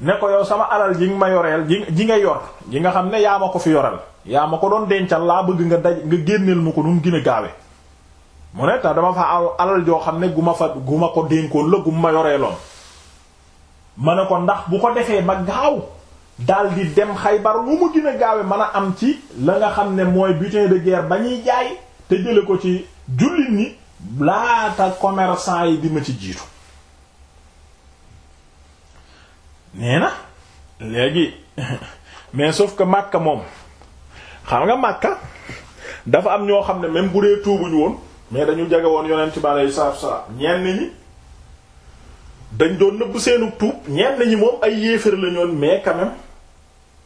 ne ko yow sama alal ji nga ma yoreel ji ji nga yor ji nga xam ne yaa ma ko fi yoreel yaa ma ko doon dencal laa bëgg nga daj nga génneel ma ko nu mu gën a gaawe mu ne tax dama fa alal xam ne gu fa gu ko dénkoon la gu ma ma ne ko ndax bu ko defee ma gaaw dal di dem xaybar lu mu gën a gaawe mën a am ci la nga xam ne mooy butin de guerre ba ñuy jaay te jële ko ci jullit ñi laata commerçant yi di ma ci jiitu nee na léegi mais sauf que Makka moom xam nga Makka dafa am ñoo xam ne même bu dee tuubuñu woon mais dañu jege woon yonent bi aleyhi salaatu wasalaam dañ doon nëbb seenu tuub ñenn ñi moom ay yéefar la ñoon mais quand même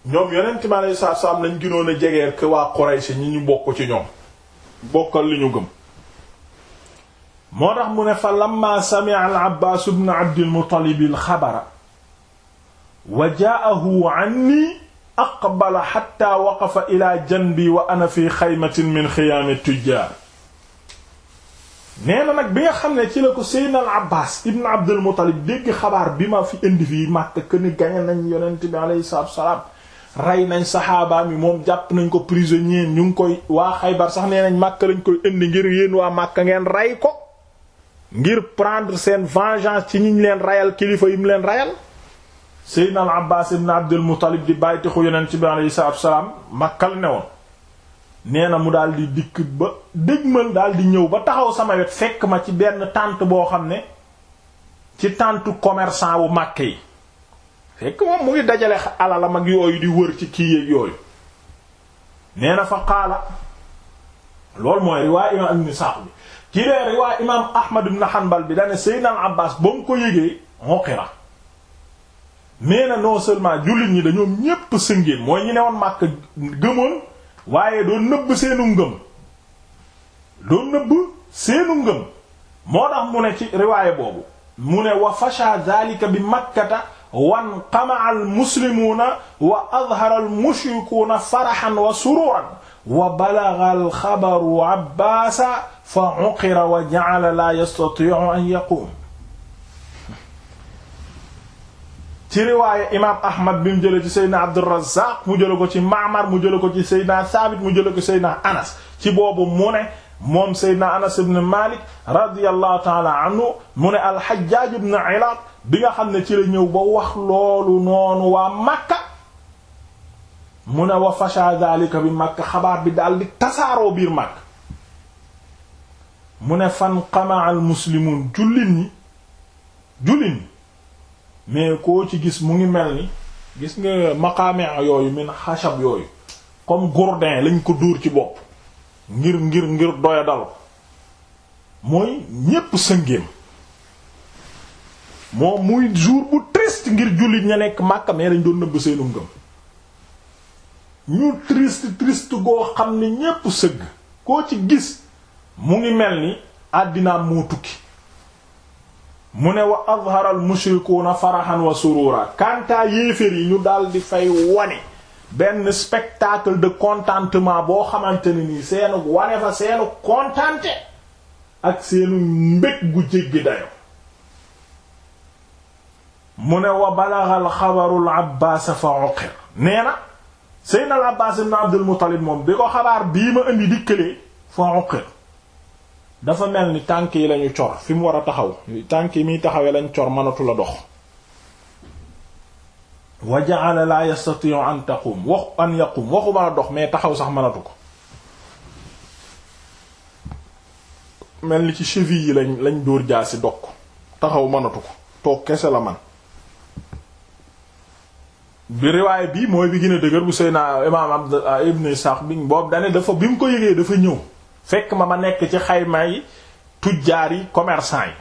ñoom yonent bi aleyhi salaatu wasalaam lañ gënoon a jegeel que waa Quraysh ñi ñu bokk ci ñoom bokkal li ñu gëm moo tax mu ne fa lamma sami'a al-Abbaas ibn Abdil Muttalib al-xabara wa jaahu anni aqbala xatta waqafa ila janbi wa ana fi xaymatin min xiyaami tujjaar nee na nag bi nga xam ne ci la ko seydna al abbas ibn abdul muttalib dégg xabaar bi ma fi indi fii màkk que ni gañe nañ yonent bi aleyhi salaatu wasalaam rey nañ saxaabaam yi moom jàpp nañ ko prisonnier ñu ngi koy waa xaybar sax nee nañ màkk lañ koy indi ngir yéen waa màkk ngeen rey ko ngir prendre seen vengeance ci ñu leen reyal kilifa yim leen reyal seydna al abbas ibn abdul muttalib di bàyytixu yonent bi aleyhi salaatu wasalaam makkal ne woon nee na mu daal di dikk ba dégmal daal di ñëw ba taxaw sama wet ma ci benn tànt boo xam ne ci tàntu commerçant wu màkke yi fekk dajale alalam ak yooyu di wër ci kii yéeg yooyu nee na fa qaala loolu mooy riwaay imaam ibn Sa'd bi kii dee riwaay imaam ahmad ibn hanbal bi dane seydna al abbas ba mu ko yégee moqira nee na non seulement jullit ñi dañoom ñépp sëngéen mooy ñi newoon màkk gëmoon waaye doon nëbb seenu ngëm doon nëbb seenu ngëm moo tax mu ne boobu mu ne wa fasha zalika bi makkata wan qamaa al muslimuuna wa adhara al mushrikuuna wa sururan wa balagha al xabaru abbaasa fa uqira wa ja'ala la yastati'u an yaquum ci riwaaya imaam ahmad bi mu jële ci seydna abdurrazzaq mu jële ko ci maamar mu jële ko ci seydna saabit mu jële ko seydna anas ci boobu mu ne moom seydna anas ibn malik radiyallahu taala anhu mu ne alxajjaaj ibn ilaat bi nga xam ne ci la ñëw ba wax loolu noonu waa makka mu ne wa fasha daalika bi makka xabaar bi daal di tasaaroo biir makka mu ne fan qamaa almuslimuun jullit ñi jullit ñi mais koo ci gis mu ngi mel ni gis nga maqaame yooyu min xashab yooyu comme gourdin lañ ko dóor ci bopp ngir ngir ngir doya dal mooy ñépp sëngéem moom muy jour bu triste ngir jullit ña nekk Makka mais dañ doon nëbb seenu ngëm ñu triste triste goo xam ne ñépp sëgg koo ci gis mu ngi mel ni àddinaam moo tukki mu ne wa azhara al mushrikuuna farahan wa surura kantaa yéefér yi ñu daal di fay wane benn spectacle de contentement boo xamante ne nii seenu wane fa seenu kontante ak seenu mbég gu jéggi dayo mu ne wa balagha al xabaru al abbaas fa uqir nee na seydna al abbaas ibn abdul muttalib moom bi ko xabaar bii ma indi dikkalee fa uqir dafa mel ni tànk yi lañu cor fi mu war a taxaw tànk yi muy taxawee lañ cor mënatu la dox wa ja'ala la yastati'u an taqum wax an waxu mën dox mais taxaw sax mënatu ko mel ni ci cheville yi lañ lañ dóor jaasi dog ko taxaw mënatu ko toog kese la man bi riwaay bii mooy bi gën a dëgër bu seyna imaam Abd ibn Isaaq bi boobu dane dafa bi mu ko yëgee dafa ñëw fekk ma ma nekk ci xayma yi tujjaar yi commerçant yi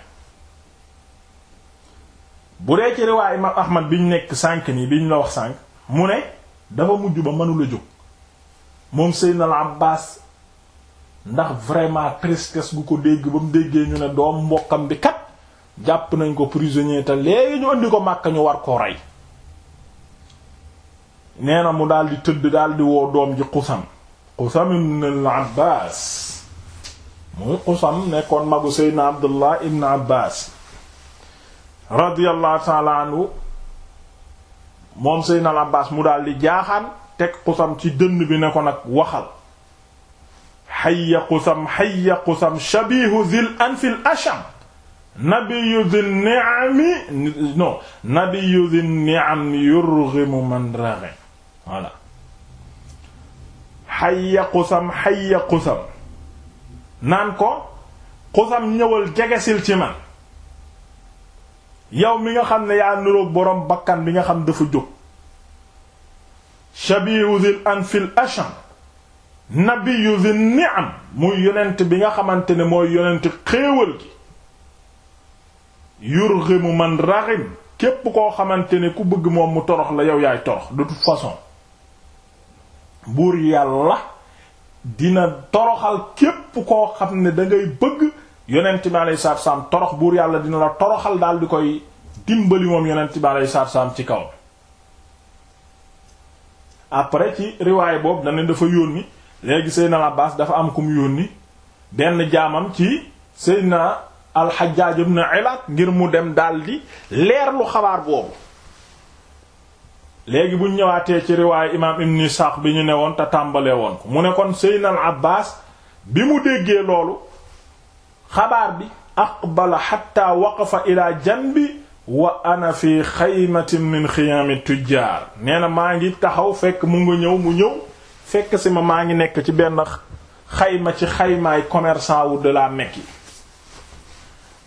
bu dee ci riwaay imam ahmad bi ñu nekk sànq nii bi ñu la wax sànq mu ne dafa mujj ba mënula jóg moom na la Abbas ndax vraiment tristesse gu ko dégg ba mu déggee ñu ne doom mbokkam bi kat jàpp nañ ko prisonnier te léegi ñu indi ko Makka ñu war koo rey nee na mu daal di tëdd daal di woo doom ji xusam Qusam ibn al-Abbas muy Qusam nekkoon magu Seydina Abdullah ibn Abbas radiyallahu ta'ala anhu moom Seydina al-Abbas mu daal di jaaxaan teg Qusam ci dënn bi ne ko nag waxal hayya Qusam hayya Qusam shabihu dhil anfi al-asham nabiyyu dhin ni'ami non nabiyyu dhin ni'am yurghimu man ragha voilà xayya xusam xayya xusam naan ko xusam ñëwal jegesil ci man yow mi nga xam ne yaa nuroog boroom bakkan bi nga xam dafa jóg shabihu zil anfil asham nabiyu zil ni'am muy yonent bi nga xamante ne mooy yonent xéewal gi yurghimu man raghim képp koo xamante ne ku bëgg moom mu torox la yow yaay torox de toute façon buur yàlla dina toroxal képp koo xam ne da ngay bëgg yonent bi alayhi salaatu salaam torox buur yàlla dina la toroxal daal di koy dimbali moom yonent bi alayhi salaatu salaam ci kaw après ci riwaay boobu dana dafa yónni léegi na Abbas dafa am ku mu yónni benn jaamam ci Seydina na hajjaj ibn Ilaat ngir mu dem daal di leerlu xabaar boobu léegi buñ ñëwaatee ci riwaayu imaam ibn Isaaq bi ñu ne woon te tàmbalee woon ko mu ne kon Seydina al Abbaas bi mu déggee loolu xabaar bi aqbala xatta waqafa ila janbi wa ana fi xaymatin min xiyaami tujjaar nee na maa ngi taxaw fekk mu nga ñëw mu ñëw fekk si ma maa ngi nekk ci benn xayma ci xaymaay commerçant wu de la Mecque yi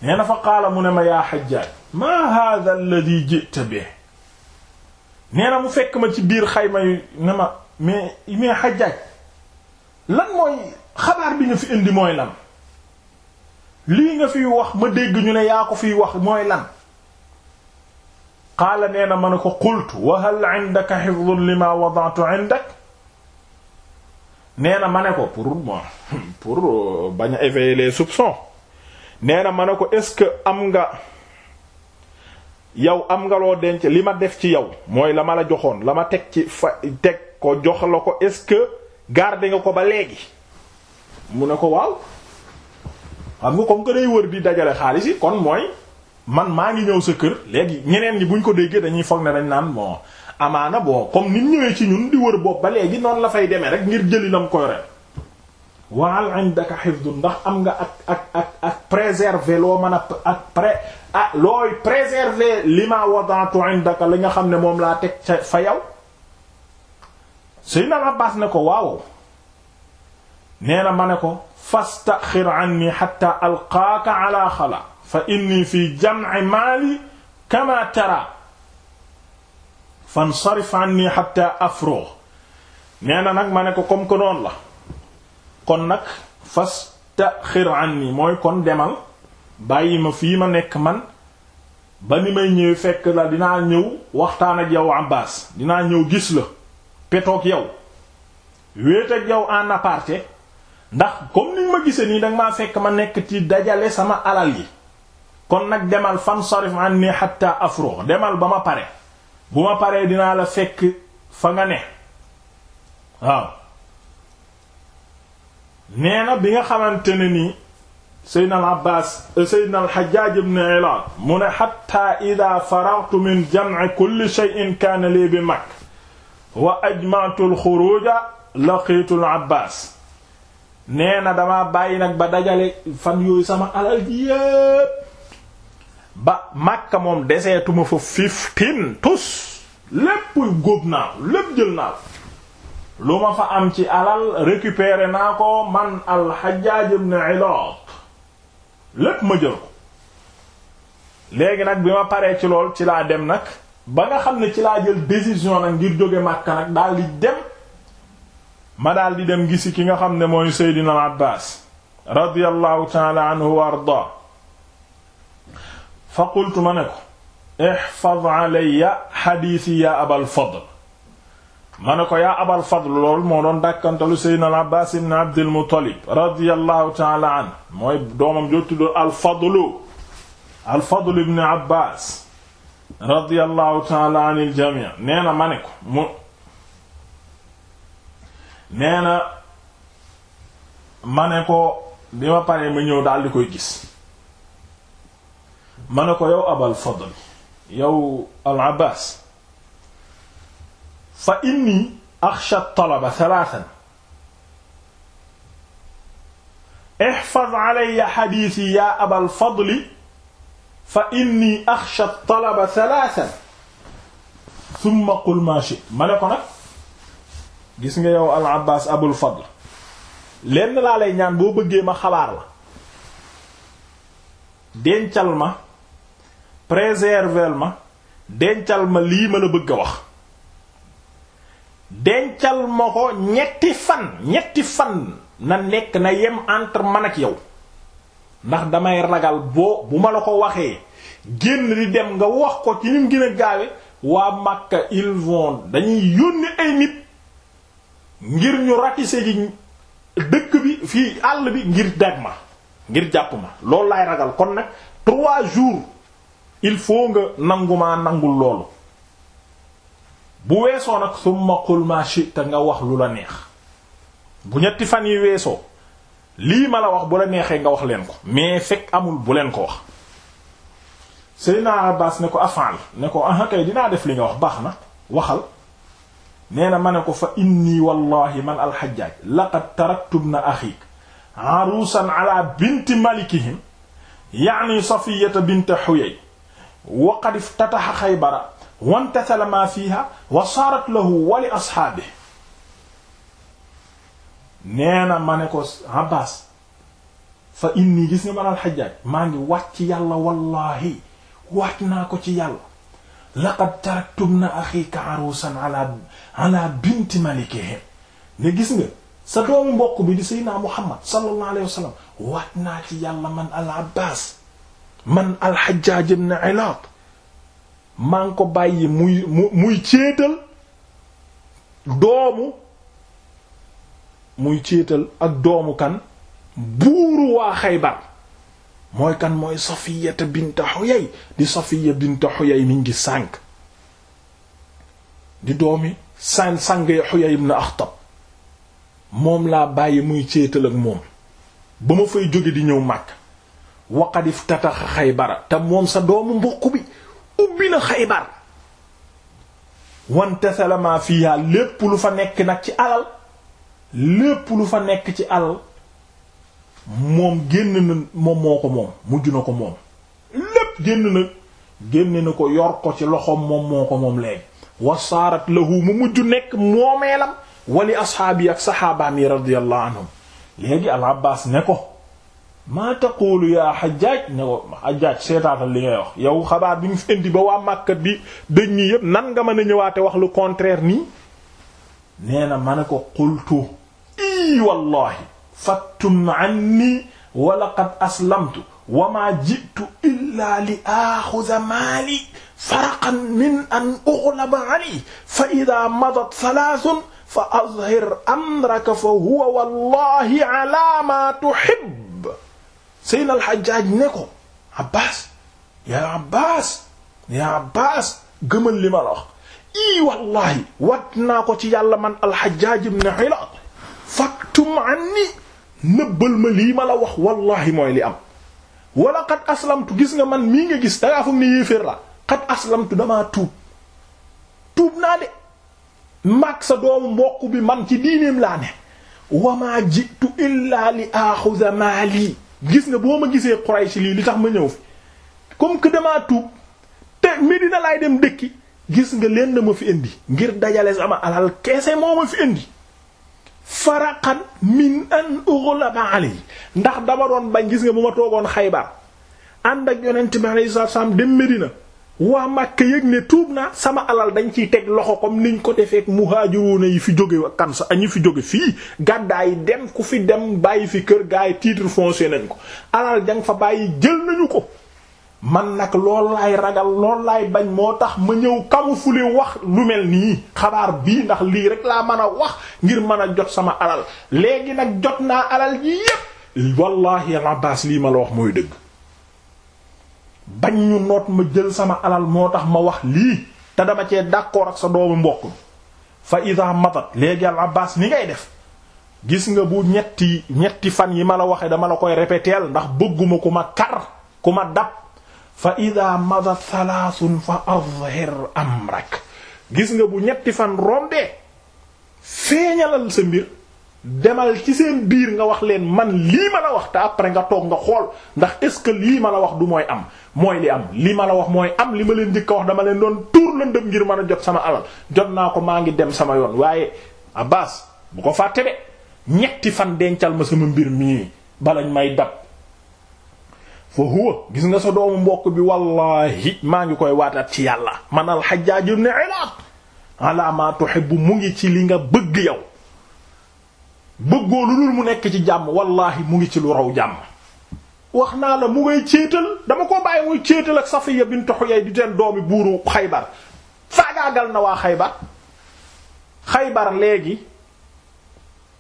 nee na fa qaala mu ne ma yaa Hajjaaj maa haadha alladhi ji'ta bihi nee mu fekk ma ci biir xayma yu ne ma mais mais xajaaj lan mooy xabaar bi nga fi indi mooy lan lii nga fi wax ma dégg ñu ne yaa ko fiy wax mooy lan qaala nee na ma ne ko qultu wa hal indaka xifdun lima wada'tu indak nee na ma ne ko pour moi pour bañ a éveiller les soupçons nee ma ne ko est-ce que am nga yow am nga loo denc li ma def ci yow mooy la ma la joxoon la ma teg ci fa teg ko jox la ko est-ce que garder nga ko ba léegi mu ne ko waaw xam nga comme que day wër di dajale xaalis yi kon mooy man maa ngi ñëw sa kër léegi ñeneen ñi buñ ko déggee dañuy foog ne dañ naan bon amaana boo comme nit ñëwee ci ñun di wër bopp ba léegi noonu la fay demee rek ngir jëli lam ko yore waal indaka hifdu ndax am nga ak ak ak ak préserver loo mën a ak pré ah looy préserver lima wada'tu indaka li nga xam ne moom laa teg ca fa yow Seydina Abbas ne ko waaw nee na ma ne ko fastaxir anni hatta alqaaka ala xala fa inni fi jam'i maali kama tara fansarif anni hatta afrugh nee na nag ma ne ko comme que noonu la kon nag fastaxir anni mooy kon demal bàyyi ma fii ma nekk man ba ni may ñëw fekk la dinaa ñëw waxtaan ak yow Abbas dinaa ñëw gis la petoog yow wéet ak yow en aparté ndax comme niñ ma gisee nii danga maa fekk ma nekk ci dajale sama alal yi kon nag demal fan sarif anni hatta afro demal ba ma pare bu ma paree dinaa la fekk fa nga ne waaw nee bi nga xamante ne nii seydna al abbas euh, seydna al mu ne hatta ida faragtu min jam'i kulli shay'in kaana lii bi makk wa ajma'tu na dama bàyyi nag ba dajale fan yooyu sama alal yépp ba moom deseetuma fa fiftin tus lépp góob naaw lépp jël naaw lu ma fa am ci alal récupérer naa ko man al-Hajjaj ibn lépp ma jël ko léegi nag bi ma paree ci lool ci laa dem nag ba nga xam ne ci laa jël décision nag ngir jóge Makka nag daal di dem ma daal di dem gisi ki nga xam ne mooy Seydina al-Abbaas radiyallahu ta'ala anhu wa ardaa fa qultu ma ne ko ihfaz alayya hadiisi ya Abal Fadl ma ne ko yaa abal fadl loolu moo doon dàkkantalu seydna al abbas ibn abdil muttalib radiallahu taala an mooy doomam jottudoo al fadlu al fadl ibn radiallahu taala an il jamii nee na ma ne ko mu nee na ne ko bi ma paree ma ñëw daal di koy gis ma ne ko yow abal fadl yow al abbas fa inni axsha talaba thalathan ixfad alayya xadiisi yaa abal fadli fa inni axsha talaba thalathan thumma qul ma shi ma ne ko nag gis nga yow al abbaas abul fadl lenn laa lay ñaan boo bëggee ma xabaar la dencal ma préserver ma dencal ma lii ma la bëgg a wax dencal ma ko ñetti fan ñetti fan na nekk na yem entre man ak yow ndax damay ragal boo bu ma la ko waxee génn di dem nga wax ko ci nim gën a gaawe waa Makka ils vont dañuy yónni ay nit ngir ñu ratissé ji dëkk bi fii àll bi ngir daj ma ngir jàpp ma loolu laay ragal kon nag trois jours il faut nga nangumaa nangul loolu bu weesoo nag summa qul ma shi'ta nga wax lu la neex bu ñetti fan yi weesoo lii ma la wax bu la neexee nga wax leen ko mais fekk amul bu leen ko wax Seydina Abbas ne ko afal ne ko aha kay dinaa def li nga wax baax na waxal nee na ma ne ko fa inni wallahi man alxajjaaj laqad taraktu ibna axik aruusan ala binti malikihim yaani safiyata bint xuyay wa qad iftataha xaybara wantasala ma fiha wa saarat lahu wali asxaabi nee na ma ne ko Abbas fa inni gis nga man alxajaaj maa ngi wàcc yàlla wallahi wàcc naa ko ci yàlla laqad taraktum na axika arusan ala ala binti malikihim ne gis nga sa doomu mbokk bi di sayyidina Muhammad sallallahu alayhi wa sallam wàcc naa ci yàlla man al Abbas man alxajaaj ibn Ilaat maa ko bàyyi muy mu muy céetal doomu muy céetal ak doomu kan buuru waa Xaybar mooy kan mooy Safiyata bint Huyay di Safiya bint Huyay mi ngi sànq di doomi san sàngee Huyay ibn Akhtab moom laa bàyyi muy céetal ak moom ba ma fay jóge di ñëw màkk waqadif tatax Xaybara te moom sa doomu mbokk bi ubbi na xaybar wante salama fiha lépp lu fa nekk nag ci alal lépp lu fa nekk ci alal moom génn na moom moo ko moom mujj na ko moom lépp génn na génn na ko yor ci loxoom moom moo ko moom léegi wasaarat lahu mu mujj nekk moomeelam wali asxaabi ak saxaabaam yi radiyallahu léegi al abbas ne ko maa taqulu yaa xajaaj ne ko xajaaj seetaatal li ngay wax yow xabaar bi ñu fi indi ba waa Makka bi dëj ñi yépp nan nga mën a ñëwaate wax lu contraire nii nee na ma ne ko qultu ii wallahi fattum anni wa laqad aslamtu wa maa ji'tu illaa li aaxuza maali faraqan min an uxlaba ali fa idaa madat salaasun fa azhir amraka fa huwa wallahi alaa maa tuhib Seydina al-Hajjaj ne ko Abbas yaa Abbas yaa Abbas gëmal li ma la wax ii wallahi wat naa ko ci yàlla man al-Hajjaj ibn Hilal faktum anni nëbbal ma lii ma la wax wallahi mooy li am wala qad aslamtu gis nga man mii nga gis dangaa fam ne yéeféer la qad aslamtu damaa tuub tuub naa de mag sa doomu mbokk bi man ci diineem laa ne wamaa jitu illa li axuda maali gis nga boo ma gisee Quraysh lii li tax ma ñëw fi comme que damaa tuub te Medina laay dem dëkki gis nga leen ma fi indi ngir dajale sama alal keese moo ma fi indi faraqan min an ughlaba alay ndax dama doon bañ gis nga bu ma toogoon Xaybar ànd ak yonent bi alayhi salaam dem Medina waa Makka yëg ne tuub na sama alal dañ ciy teg loxo comme niñ ko defee mu defeek muhaajiruuna yi fi jóge kansa ñi fi jóge fii gàddaa dem ku fi dem bàyyi fi kër gaa yi titre foncier nañ ko alal jang fa bàyyi jël nañu ko man nag lool laay ragal loolu laay bañ moo tax ma ñëw fu camoufler wax lu mel nii xabaar bii ndax lii rek laa mën a wax ngir mën a jot sama alal léegi nag jot naa alal ji yépp wallaahi al Abbaas lii ma la wax mooy dëgg bañ ñu noot ma jël sama alal moo tax ma wax lii te dama cee d'accord ak sa doomu mbokk fa ida matat léegi al abbas ni ngay def gis nga bu ñetti ñetti fan yi ma la waxee dama la koy répéteel ndax bëgguma ku ma kar ku ma dab fa ida matat thalaathun fa azhir amrak gis nga bu ñetti fan rombee feeñalal sa mbir demal ci seen biir nga wax leen man lii ma la wax te après nga toog nga xool ndax est-ce que lii ma la wax du mooy am mooy li am lii ma la wax mooy am li ma leen njëkk a wax dama leen doon tuur lëndëm ngir mën a jot sama alal jot naa ko maa ngi dem sama yoon waaye Abbas bu ko fàtte de ñetti fan dencal ma sama mbir mii balañ may dab foo huwa gis nga sa doomu mbokk bi wallahi maa ngi koy waataat ci yàlla man al Hajjaj ibn Ilaat ala ma mu ngi ci li nga bëgg yow bëggoo lu dul mu nekk ci jàmm wallahi mu ngi ci lu raw jàmm wax naa la mu ngay céetal dama ko bàyyi muy céetal ak Safiya bint Huyay di teen doomi buuru Xaybar faagaagal na waa Xaybar Xaybar léegi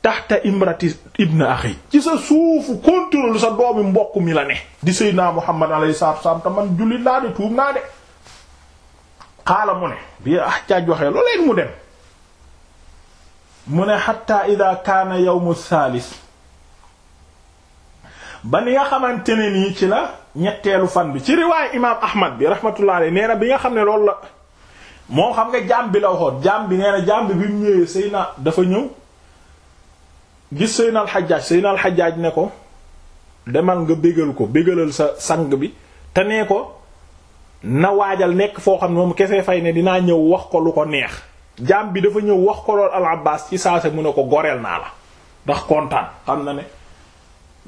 taxta imrati ibn axi ci sa suufu contrôle sa doomi mbokk mi la ne di Seydina Muhammad alayhi salaatu wasallam te man jullit laa de tuub naa de xaala mu ne bi ah jaaj waxee looleen mu dem mu ne xatta ida kaana yawmu saalis ba ni nga xamante ne nii ci la ñetteelu fan bi ci riwaayu imaam ahmad bi rahmatullah alayhi nee na bi nga xam ne loolu la moo xam nga jaam bi la waxoon jaam bi nee jaam bi bi mu ñëwee Seyna dafa ñëw gis Seyna alxajaaj Seyna alxajaaj ne ko demal nga bégal ko bégalal sa sang bi te ne ko na waajal nekk foo xam ne moom kese fay ne dinaa ñëw wax ko lu ko neex jaam bi dafa ñëw wax ko lool al abbas ci saase mu ne ko goreel naa la ndax kontaan xam na ne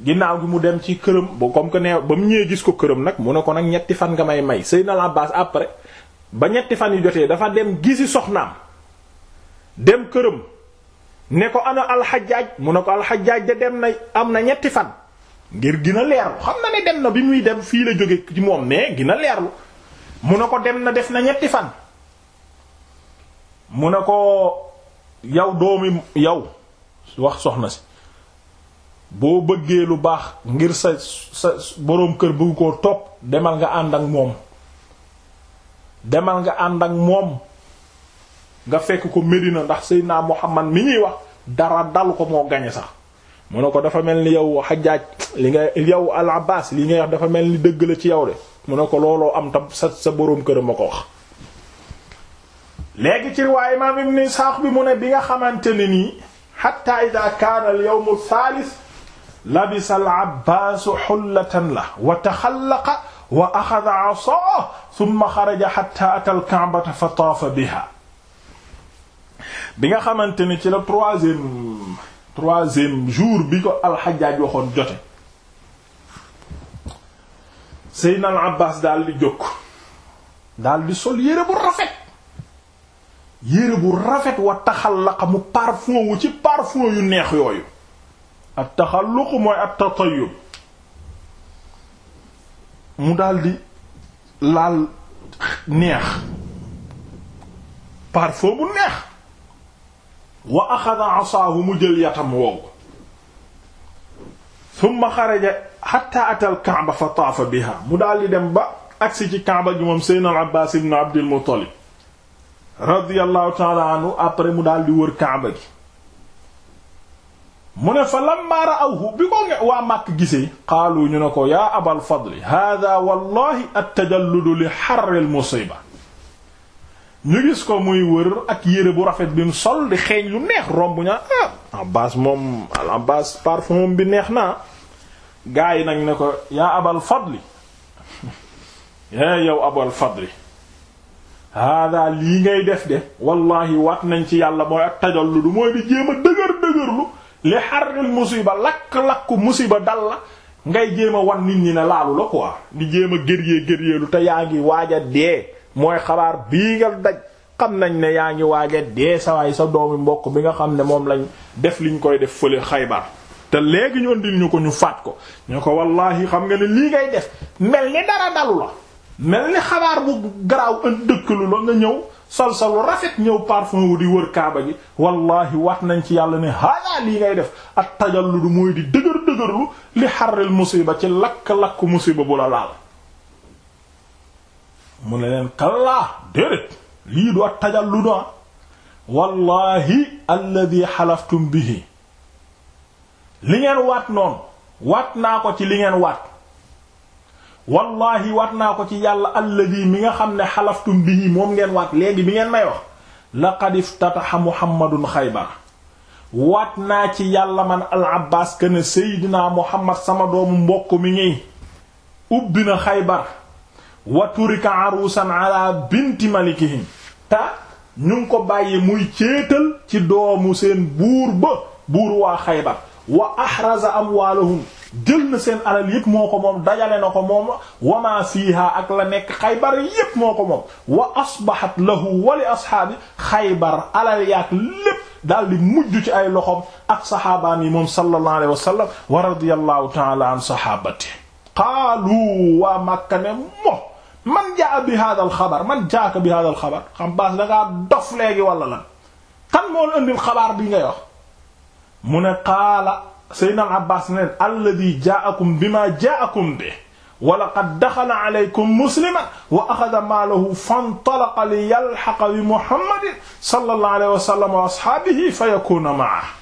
ginnaaw gi mu dem ci këram ba comme que nee ba mu ñëwee gis ko këram nag mu ne ko nag ñetti fan nga may may sëy na al abbas après ba ñetti fan yu jotee dafa dem gisi soxnaam dem këram ne ko ana mu ne ko alxajaaj da dem na am na ñetti fan ngir gina leerlu xam na bi muy dem fii la jóge ci moom mais gina leerlu mu ne ko dem na def na ñetti fan mu ne ko yow doomi yow wax soxna si boo bëggee lu baax ngir sa sa boroom kër bëgg koo topp demal nga ànd ak moom demal nga ànd ak moom nga fekk ko Medina ndax sëy Seydina Muhammad mi ñuy wax dara dal ko moo gañe sax mu ne ko dafa mel ni yow Hajjaj li nga yow Al Abbas li nga wax dafa mel ni dëgg la ci yow de mu ne ko looloo am tam sa sa boroom kër ma ko wax léegi ci riwaay imaam ibn Isxaaq bi mu ne bi nga xamante ne nii xatta ida kaana al yawm ath-thaalith labisa al-Abbaas xullatan la wa taxallaqa wa axada asaahu summa xaraja xatta ata al-Ka'bata fa taafa biha bi nga xamante ne ci la troisième troisième jour bi ko al-Hajjaaj waxoon jote Seydina al-Abbaas daal di jóg daal di sol yére bu rafet yére bu rafet wa taxallaqa mu parfum wu ci parfum yu neex yooyu at taxalluq mooy at tatayyub mu daldi laal neex parfum bu neex wa axada asaahu mu jël yatam woowu summa xaraja xatta atal kaaba fa taafa biha mu daldi dem ba agsi ci kaaba gi moom seydna al abbaas ibn abdil muttalib radiyallahu taala anhu après mu daal di wër kaaba gi mu ne fa lamma ra'awhu bi ko waa màkk gisee qaalu ñu ne ko yaa abal fadli hada wallahi at-tajalludu li xarril musiba ñu gis ko muy wër ak yére bu rafet bi mu sol di xeeñ lu neex romb ñaa ah moom al Abbaas parfum bi neex naa gaa yi nag ne ko yaa abal fadli é eh, yow abal fadli hada lii ngay def de wallahi waat nañ ci yàlla mooy ak tajal lu du mooy di jéem a dëgër dëgërlu li xarril musiba lakk-lakku musiba dal la ngay jéem a wan nit ñi ne laalu la quoi di jéem a gëriyee gëriyeelu te yaa ngi waaj a dee mooy xabaar bii nga daj xam nañ ne yaa ngi waaja a dee sawaay sa doomi mbokk bi nga xam ne moom lañ def liñ koy def fële xaybar te léegi ñu andil ñu ko ñu faat ko ñu ko wallahi xam nga ne lii ngay def mel ni dara dalu mel ni xabaar bu garaaw an dëkkalu la nga ñëw sol sa rafet ñëw parfum wu di wër kaaba gi wallahi wat nañ ci yàlla ni haadaa lii ngay def ak tajalludu mooy di dëgër dëgërlu li xarril musiba ci lakk-lakk musiba bu la laal mu ne leen kallaa déedéet lii du ak tajalludu ah. wallahi alladi xalaftum bihi li ngeen waat noonu waat naa ko ci li ngeen waat wallahi waat naa ko ci yàlla alladi mi nga xam ne xalaftum bihi moom ngeen waat léegi bi ngeen may wax laqad iftataha muhammadun xaybar waat naa ci yàlla man al abbas kana seydina muhammad sama doomu mbokk mi ngi ubbi na xaybar wa turika arusan ala binti malikihim ta ñu ko bàyyi muy céetal ci doomu seen buur ba buur waa xaybar wa ahraza amwaalahum jël na seen alal yépp moo ko moom dajale na ko moom wama fiiha ak la nekk xaybar yépp moo ko moom wa asbahat lahu wa li ashaabi xaybar alal yaak lépp daal di mujj ci ay loxom ak saxaabaan yi moom sallallahu alayhi wa sallam wa radiyallahu ta'ala an sahabati qaalu waa màkka ne mo man jaa bi hada al xabar man jaaka bi hada al xabar xam baas da ngaa dof léegi wala lan kan moo ëndil xabaar bi ngay wax mu ne qaala Seydina Abbaas ne alladi jaakum bima jaakum bi wa laqad daxala alaykum musliman wa axada maalahu fantalaqa li yalxaqa bi Muhammadin sallallahu alayhi wa sallam wa ashaabihi fa yakuuna ma'ahu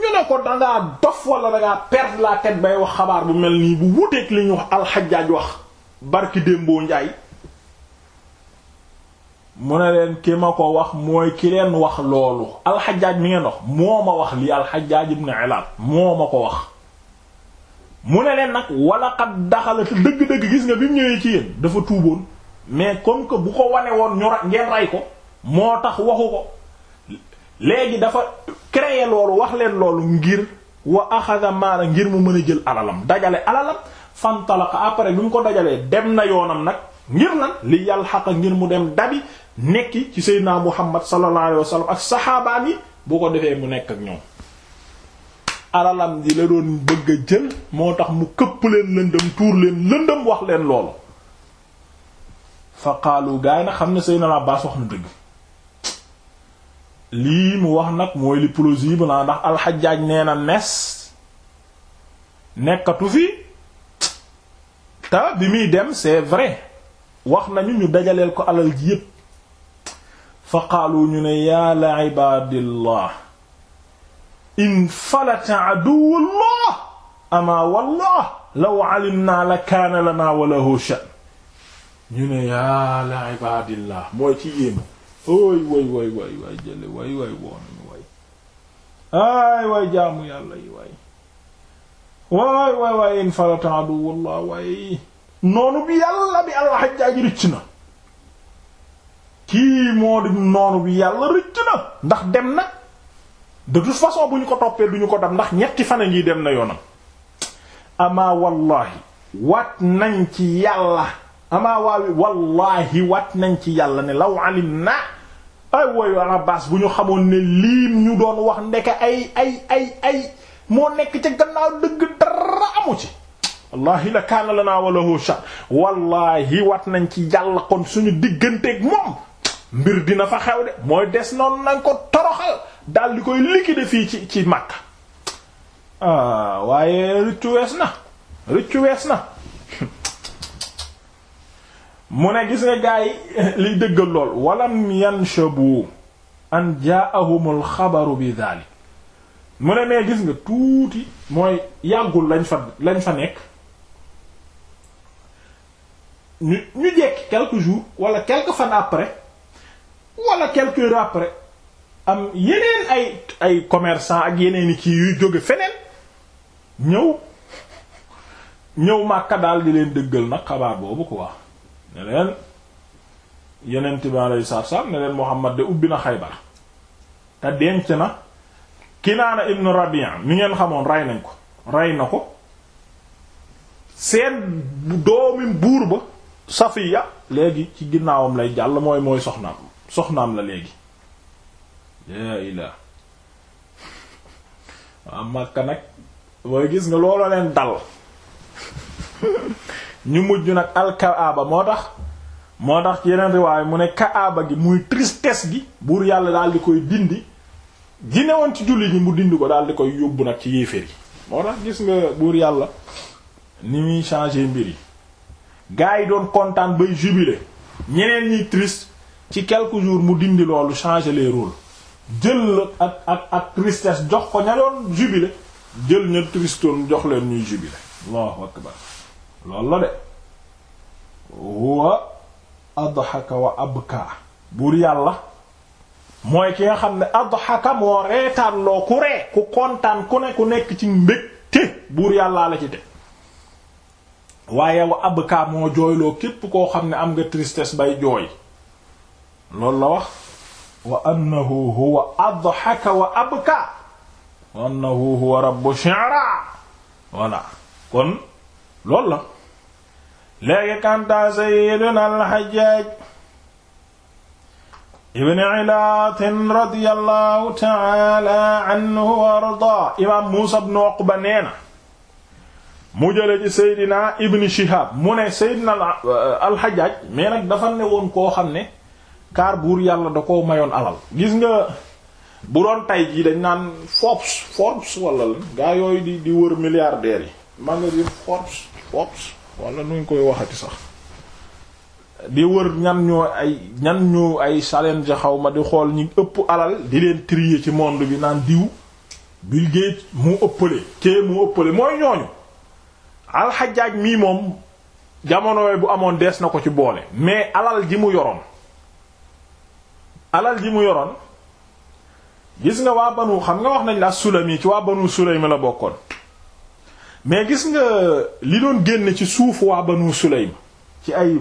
ñu ne ko dangaa dof wala dangaa perdre la tête bay wax xabaar bu mel nii bu wuteeg li ñu wax alxajaaj wax barki démboo Njaay mu ne leen ki ma ko wax mooy ki leen wax loolu alxajaaj mi ngeen wax moo ma wax lii alxajaaj ne Ilaat moo ma ko wax mu ne leen nag wala xat daxala te dëgg-dëgg gis nga bi mu ñëwee ci yéen dafa tuuboon mais comme que bu ko wanee woon ñu ra ngeen ray ko moo tax waxu ko léegi dafa créer loolu wax leen loolu ngir wa axada maara ngir mu mën a jël alalam dajale alalam fantalaqa après bi mu ko dajalee dem na yoonam nag ngir lan li yàlla xaq ngir mu dem dabi nekki ci Seydina Muhammad sallallahu alayhi wa sallam ak saxaabaan yi boo ko defee mu nekk ak ñoom alalam ji la doon bëgg a jël moo tax mu këpp leen lëndëm tuur leen lëndëm wax leen loolu fa qaalu gaay na xam ne Seydina Abbaas wax na dëgg lii mu wax nag mooy li plausible na ndax alxajaaj nee na mes nekkatu fi te bi muy dem c'est vrai wax nañu ñu dajaleel ko alal ji yépp fa qaalu ñu ne yaa la ibaadillah in falata aduwullah ama wallah law alimna la kaana lana wa lahu sha'n ñu ne yaa la ibaadillah mooy ci yéema ooy way way way way jële way way woonañu way aay way jaamu yàlla yi way waay waay waay in falata aduwullah way noonu bi yàlla bi àlla xajjaaj ricc na kii moo di noonu bi yàlla rëcc na ndax dem na de toute façon bu ñu ko toppee du ñu ko dab ndax ñetti fan ngi dem na yoonam amaa wallaahi wat nañ ci yàlla amaa waawi yi wat nañ ci yàlla ne law alim na ay woyu bu ñu xamoon ne liim ñu doon wax ndeke ay moo nekk ca gannaaw dëgg dara wa lahu wat nañ ci yàlla kon suñu digganteeg moom mbir dina fa xew de mooy des noonu nañ ko toroxal daal di koy liquider fii ci ci Makka ah, waaye rëccu wees na rëccu wees na mu ne gis nga gaa yi liy dëggal lool walam yanshabu an jaahumul xabaru bi daalik mu ne nee gis nga tuuti mooy yàggul lañ fa lañ fa nekk ñu ñu jekki quelques jours wala quelques fan après wala quelques après am yeneen ay ay commerçant ak yeneen i kii yuy jóge feneen ñëw ñëw Makka daal di leen dëggal nag xabaar boobu quoi ne leen yeneen tubaab lay saabsaab ne leen Muhammad de ubbi na Xaybar te denc na Kinaana ibn Rabi'a mi ngeen xamoon rey nañ ko rey na ko seen doomi buur ba Safiya léegi ci ginnaawam lay jàll mooy mooy soxnaam. soxnaam la léegi yaa ilaa waa Makka nag waaye gis nga looloo leen dal ñu mujj nag al kaaba moo tax moo tax ci yeneen riwaay mu ne kaaba gi muy tristesse gi buur yàlla daal di koy dindi gi newoon ci julli ñi mu dindi ko daal di koy yóbbu nag ci yéeféer yi moo tax gis nga buur yàlla ni muy changer mbir yi gars yi doon kontaan bay jubilé ñeneen ñiy triste ci quelques jours mu dindi loolu changer les rôles jël ak ak ak tristesse jox ko ña jubile jubilé jël ña tristoon jox leen ñuy jubilé allahu akbar loolu la de wa adhaka wa abka buur yàlla mooy ki nga xam ne adhaka moo reetaan loo ku ree ku kontaan ku ne ku nekk ci mbégte buur yàlla la ci de waaye wa abka moo jooyloo képp koo xam ne am nga tristesse bay jooy loolu la wax wa annahu huwa adhaka wa abka wa annahu huwa rabbu shi'ra voilà kon loolu la léegi kanta sayyiduna al-Hajjaj ibn Ilaat radiyallahu ta'ala anhu wa ardaa imaam Muusa ibn Uqba nee na mu jële ci Seydina Ibn Shihab mu ne Seydina al-Hajjaj mais nag dafa ne woon koo xam ne kaar buur yàlla da ko mayoon alal gis nga bu doon tay dañ naan Forbes Forbes wala lan gaa yooyu di di wër milliardaires yi magazine Forbes Forbes wala nu ñu koy waxati sax di wër ñan ñoo ay ñan ñoo ay challenge xaw ma di xool ñi ëpp alal di leen trie ci monde bi naan diw Bill Gates mu ëppale kee mu ëppale mooy ñooñu alxajaaj mii moom jamono bu amoon dees na ko ci boole mais alal ji mu yoroon alal ji mu yoroon gis nga waa banu xam nga wax nañ la sulami ci waa banu sulaym la bokkoon mais gis nga li doon génn ci suuf waa banu sulaym ci ay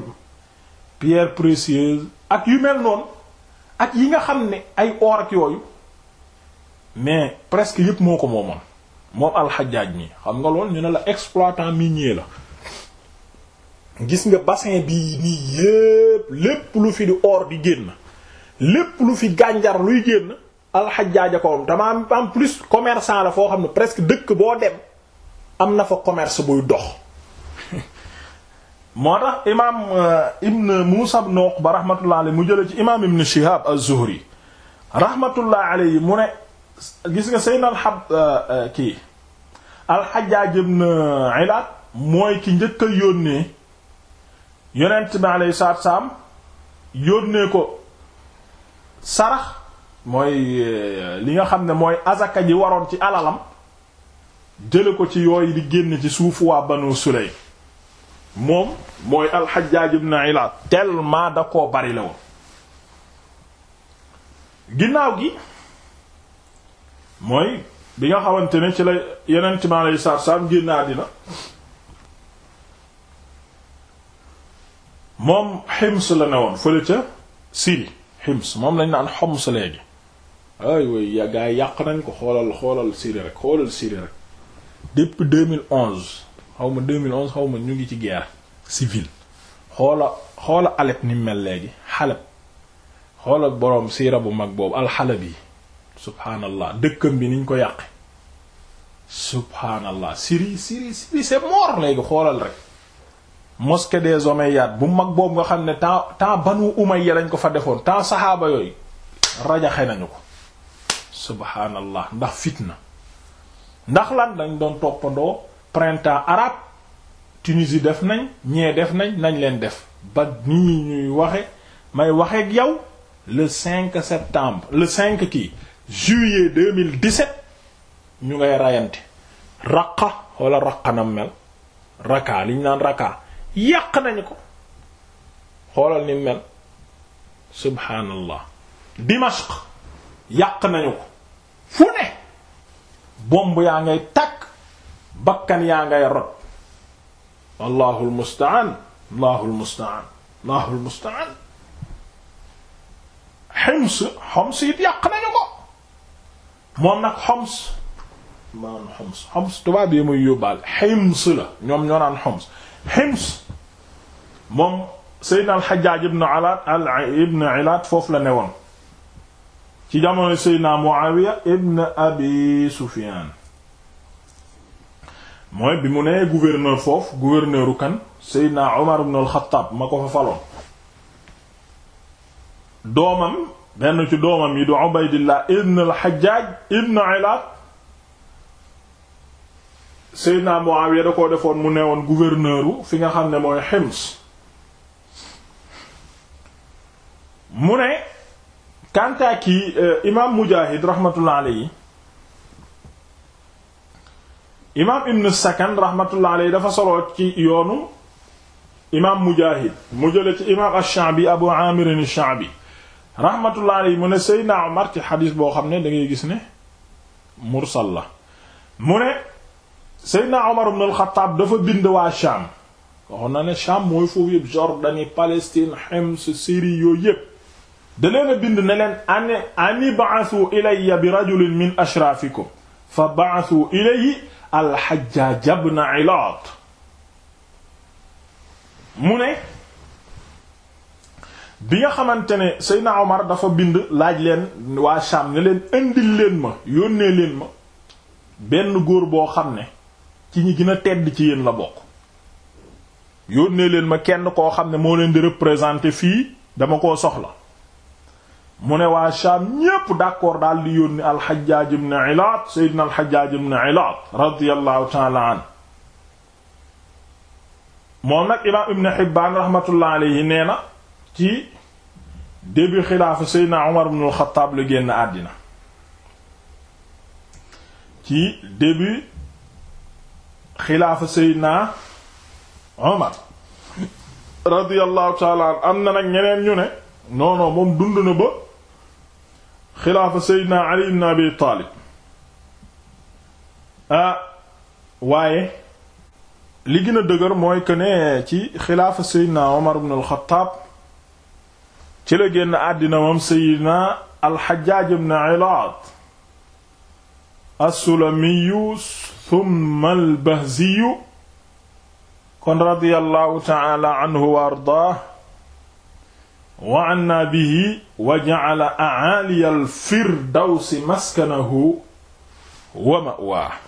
pierres précieuses ak yu mel noon ak yi nga xam ne ay or ak yooyu mais presque yépp moo ko moomoon moom alxajaaj mi xam nga lool ñu ne la exploitant minier la gis nga bassin bii nii yépp lépp lu fi di or di génn lépp lu fi gànjar luy génn alxajjaaja ko am dama en plus commerçant la foo xam ne presque dëkk boo dem am na fa commerce buy dox moo tax imaam euh, ibn Muusa ibn Uqba rahmatullah mu jële ci imaam ibn Shihab az-Zuhri rahmatullah alayhi mu ne gis nga sëy na alxab euh, euh, kii alxajjaaj ibn Ilaat mooy ki njëkk yónnee yonent bi alayhi salaatu salaam yónnee ko sarax mooy euh, li nga xam ne mooy azaka ji waroon ci alalam jële ko ci yooyu di génn ci suufu waa banu Sulaym moom mooy al-Hajjaj ibn Ila tellement da koo bari la woon ginnaaw gi mooy bi nga xamante ne ci la yeneen ci lay saar saam génn àddina moom Hims la ne woon fële ca Syrie xims moom lañ naan xoms léegi ay gaa yi yàq nañ ko xoolal xoolal Syrie rek xoolal Syrie rek depuis 2011 xaw ma 2011 xaw ma ñu ngi ci guerre civile xoola xoola Alep ni mel léegi Halep xoolal boroom siira bu mag boobu al-Halabi subhaanallah dëkkam bi niñ ko yàqe subhaanallah Syrie Syrie Syrie c'est mort léegi xoolal rek mosquée des yaat bu mag boobu nga xam ne temps temps Banu Umayya lañ ko fa defoon temps saxaaba yooyu rajaxe nañu ko subhaanallah ndax fitna ndax lan dañ doon toppandoo printemps arabe Tunisie def nañ ñee def nañ nañ leen def ba nii ñuy waxe may waxeeg yow le 5 septembre le 5 kii juillet 2017 ñu ngay rayante raqa wala raqa na mel raka liñ naan raka yàq nañu ko xoolal ni mel subhaanallah Dimashq yàq nañu ko fu bomb yaa ngay tàkk bakkan yaa ngay rot allahu almustaan allahu almustaan allahu almustaan Homs Homs it nañu ko moom nag Homs maan Homs Homs tubaab yi muy yóbbaal Homs la ñoom ñoo naan Homs moom Seydina al-Hajjaj ibn Ilaat ibn Ilaat foofu la ne woon ci jamono Seydina Muawiya ibn Abi Sufyaan mooy bi mu nee gouverneur foofu gouverneuru kan Seydina Omar ibn al da koo defoon mu neewoon gouverneuru fi nga xam ne mooy Hims mu ne kantaa ki euh, imaam Mujaahid rahmatullah alayhi imaam Ibn Sakan rahmatullah alayhi dafa solo ci yoonu imaam Mujaahid mu jële ci imaam Ash-Sha'bi Abu Aamir Ash-Sha'bi rahmatullah alayhi mu ne Seydina Umar ci xadiis boo xam ne dangay ngay gis ne mursal la mu ne Seydina Umar ibn al-Khattab dafa bind waa Sham waxoon na ne Sham mooy foofu yëpp Jordanie Palestine Hims Syrie yooyu yëpp da bind ne leen an ani ba'asu ilayya bi rajulin min ashrafikum fa ba'asu ilayhi al-Hajjaj ibn Ilat mu ne bi nga xamante ne Seydina Omar dafa bind laaj leen waa Sham ne leen indil leen ma yónnee leen ma benn góor boo xam ne ci ñi gën a tedd ci yéen la bokk yónnee leen ma kenn koo xam ne moo leen di représenter fii dama koo soxla mu ne waa Shaam ñépp d'accord daal di yónni al-Hajjaj ibn Ilaat Seydina al-Hajjaj ibn Ilaat radiyallahu ta'ala an moom imaam Ibn Hibbaan rahmatullah alayhi nee na ci début xilaafa Seydina Umar ibn al-Khattab la génn àddina ci début xilaafa Seydina Umar radiyallahu ta'ala an am na nag ñeneen ñu moom dund na xilaafa seydina ali ibn abi taalib ah waaye li gën a dëgër mooy que ne ci xilaafa seydina omar ibn alxataab ci la génn àddina moom seydina alxajaaj ibn ilaad assulamiyu thumma albahziyu kon radiyallahu taala anhu wa ardaah wa anna bihi wa ja'ala a'ali al-firdawsi maskanahu wa ma'waahu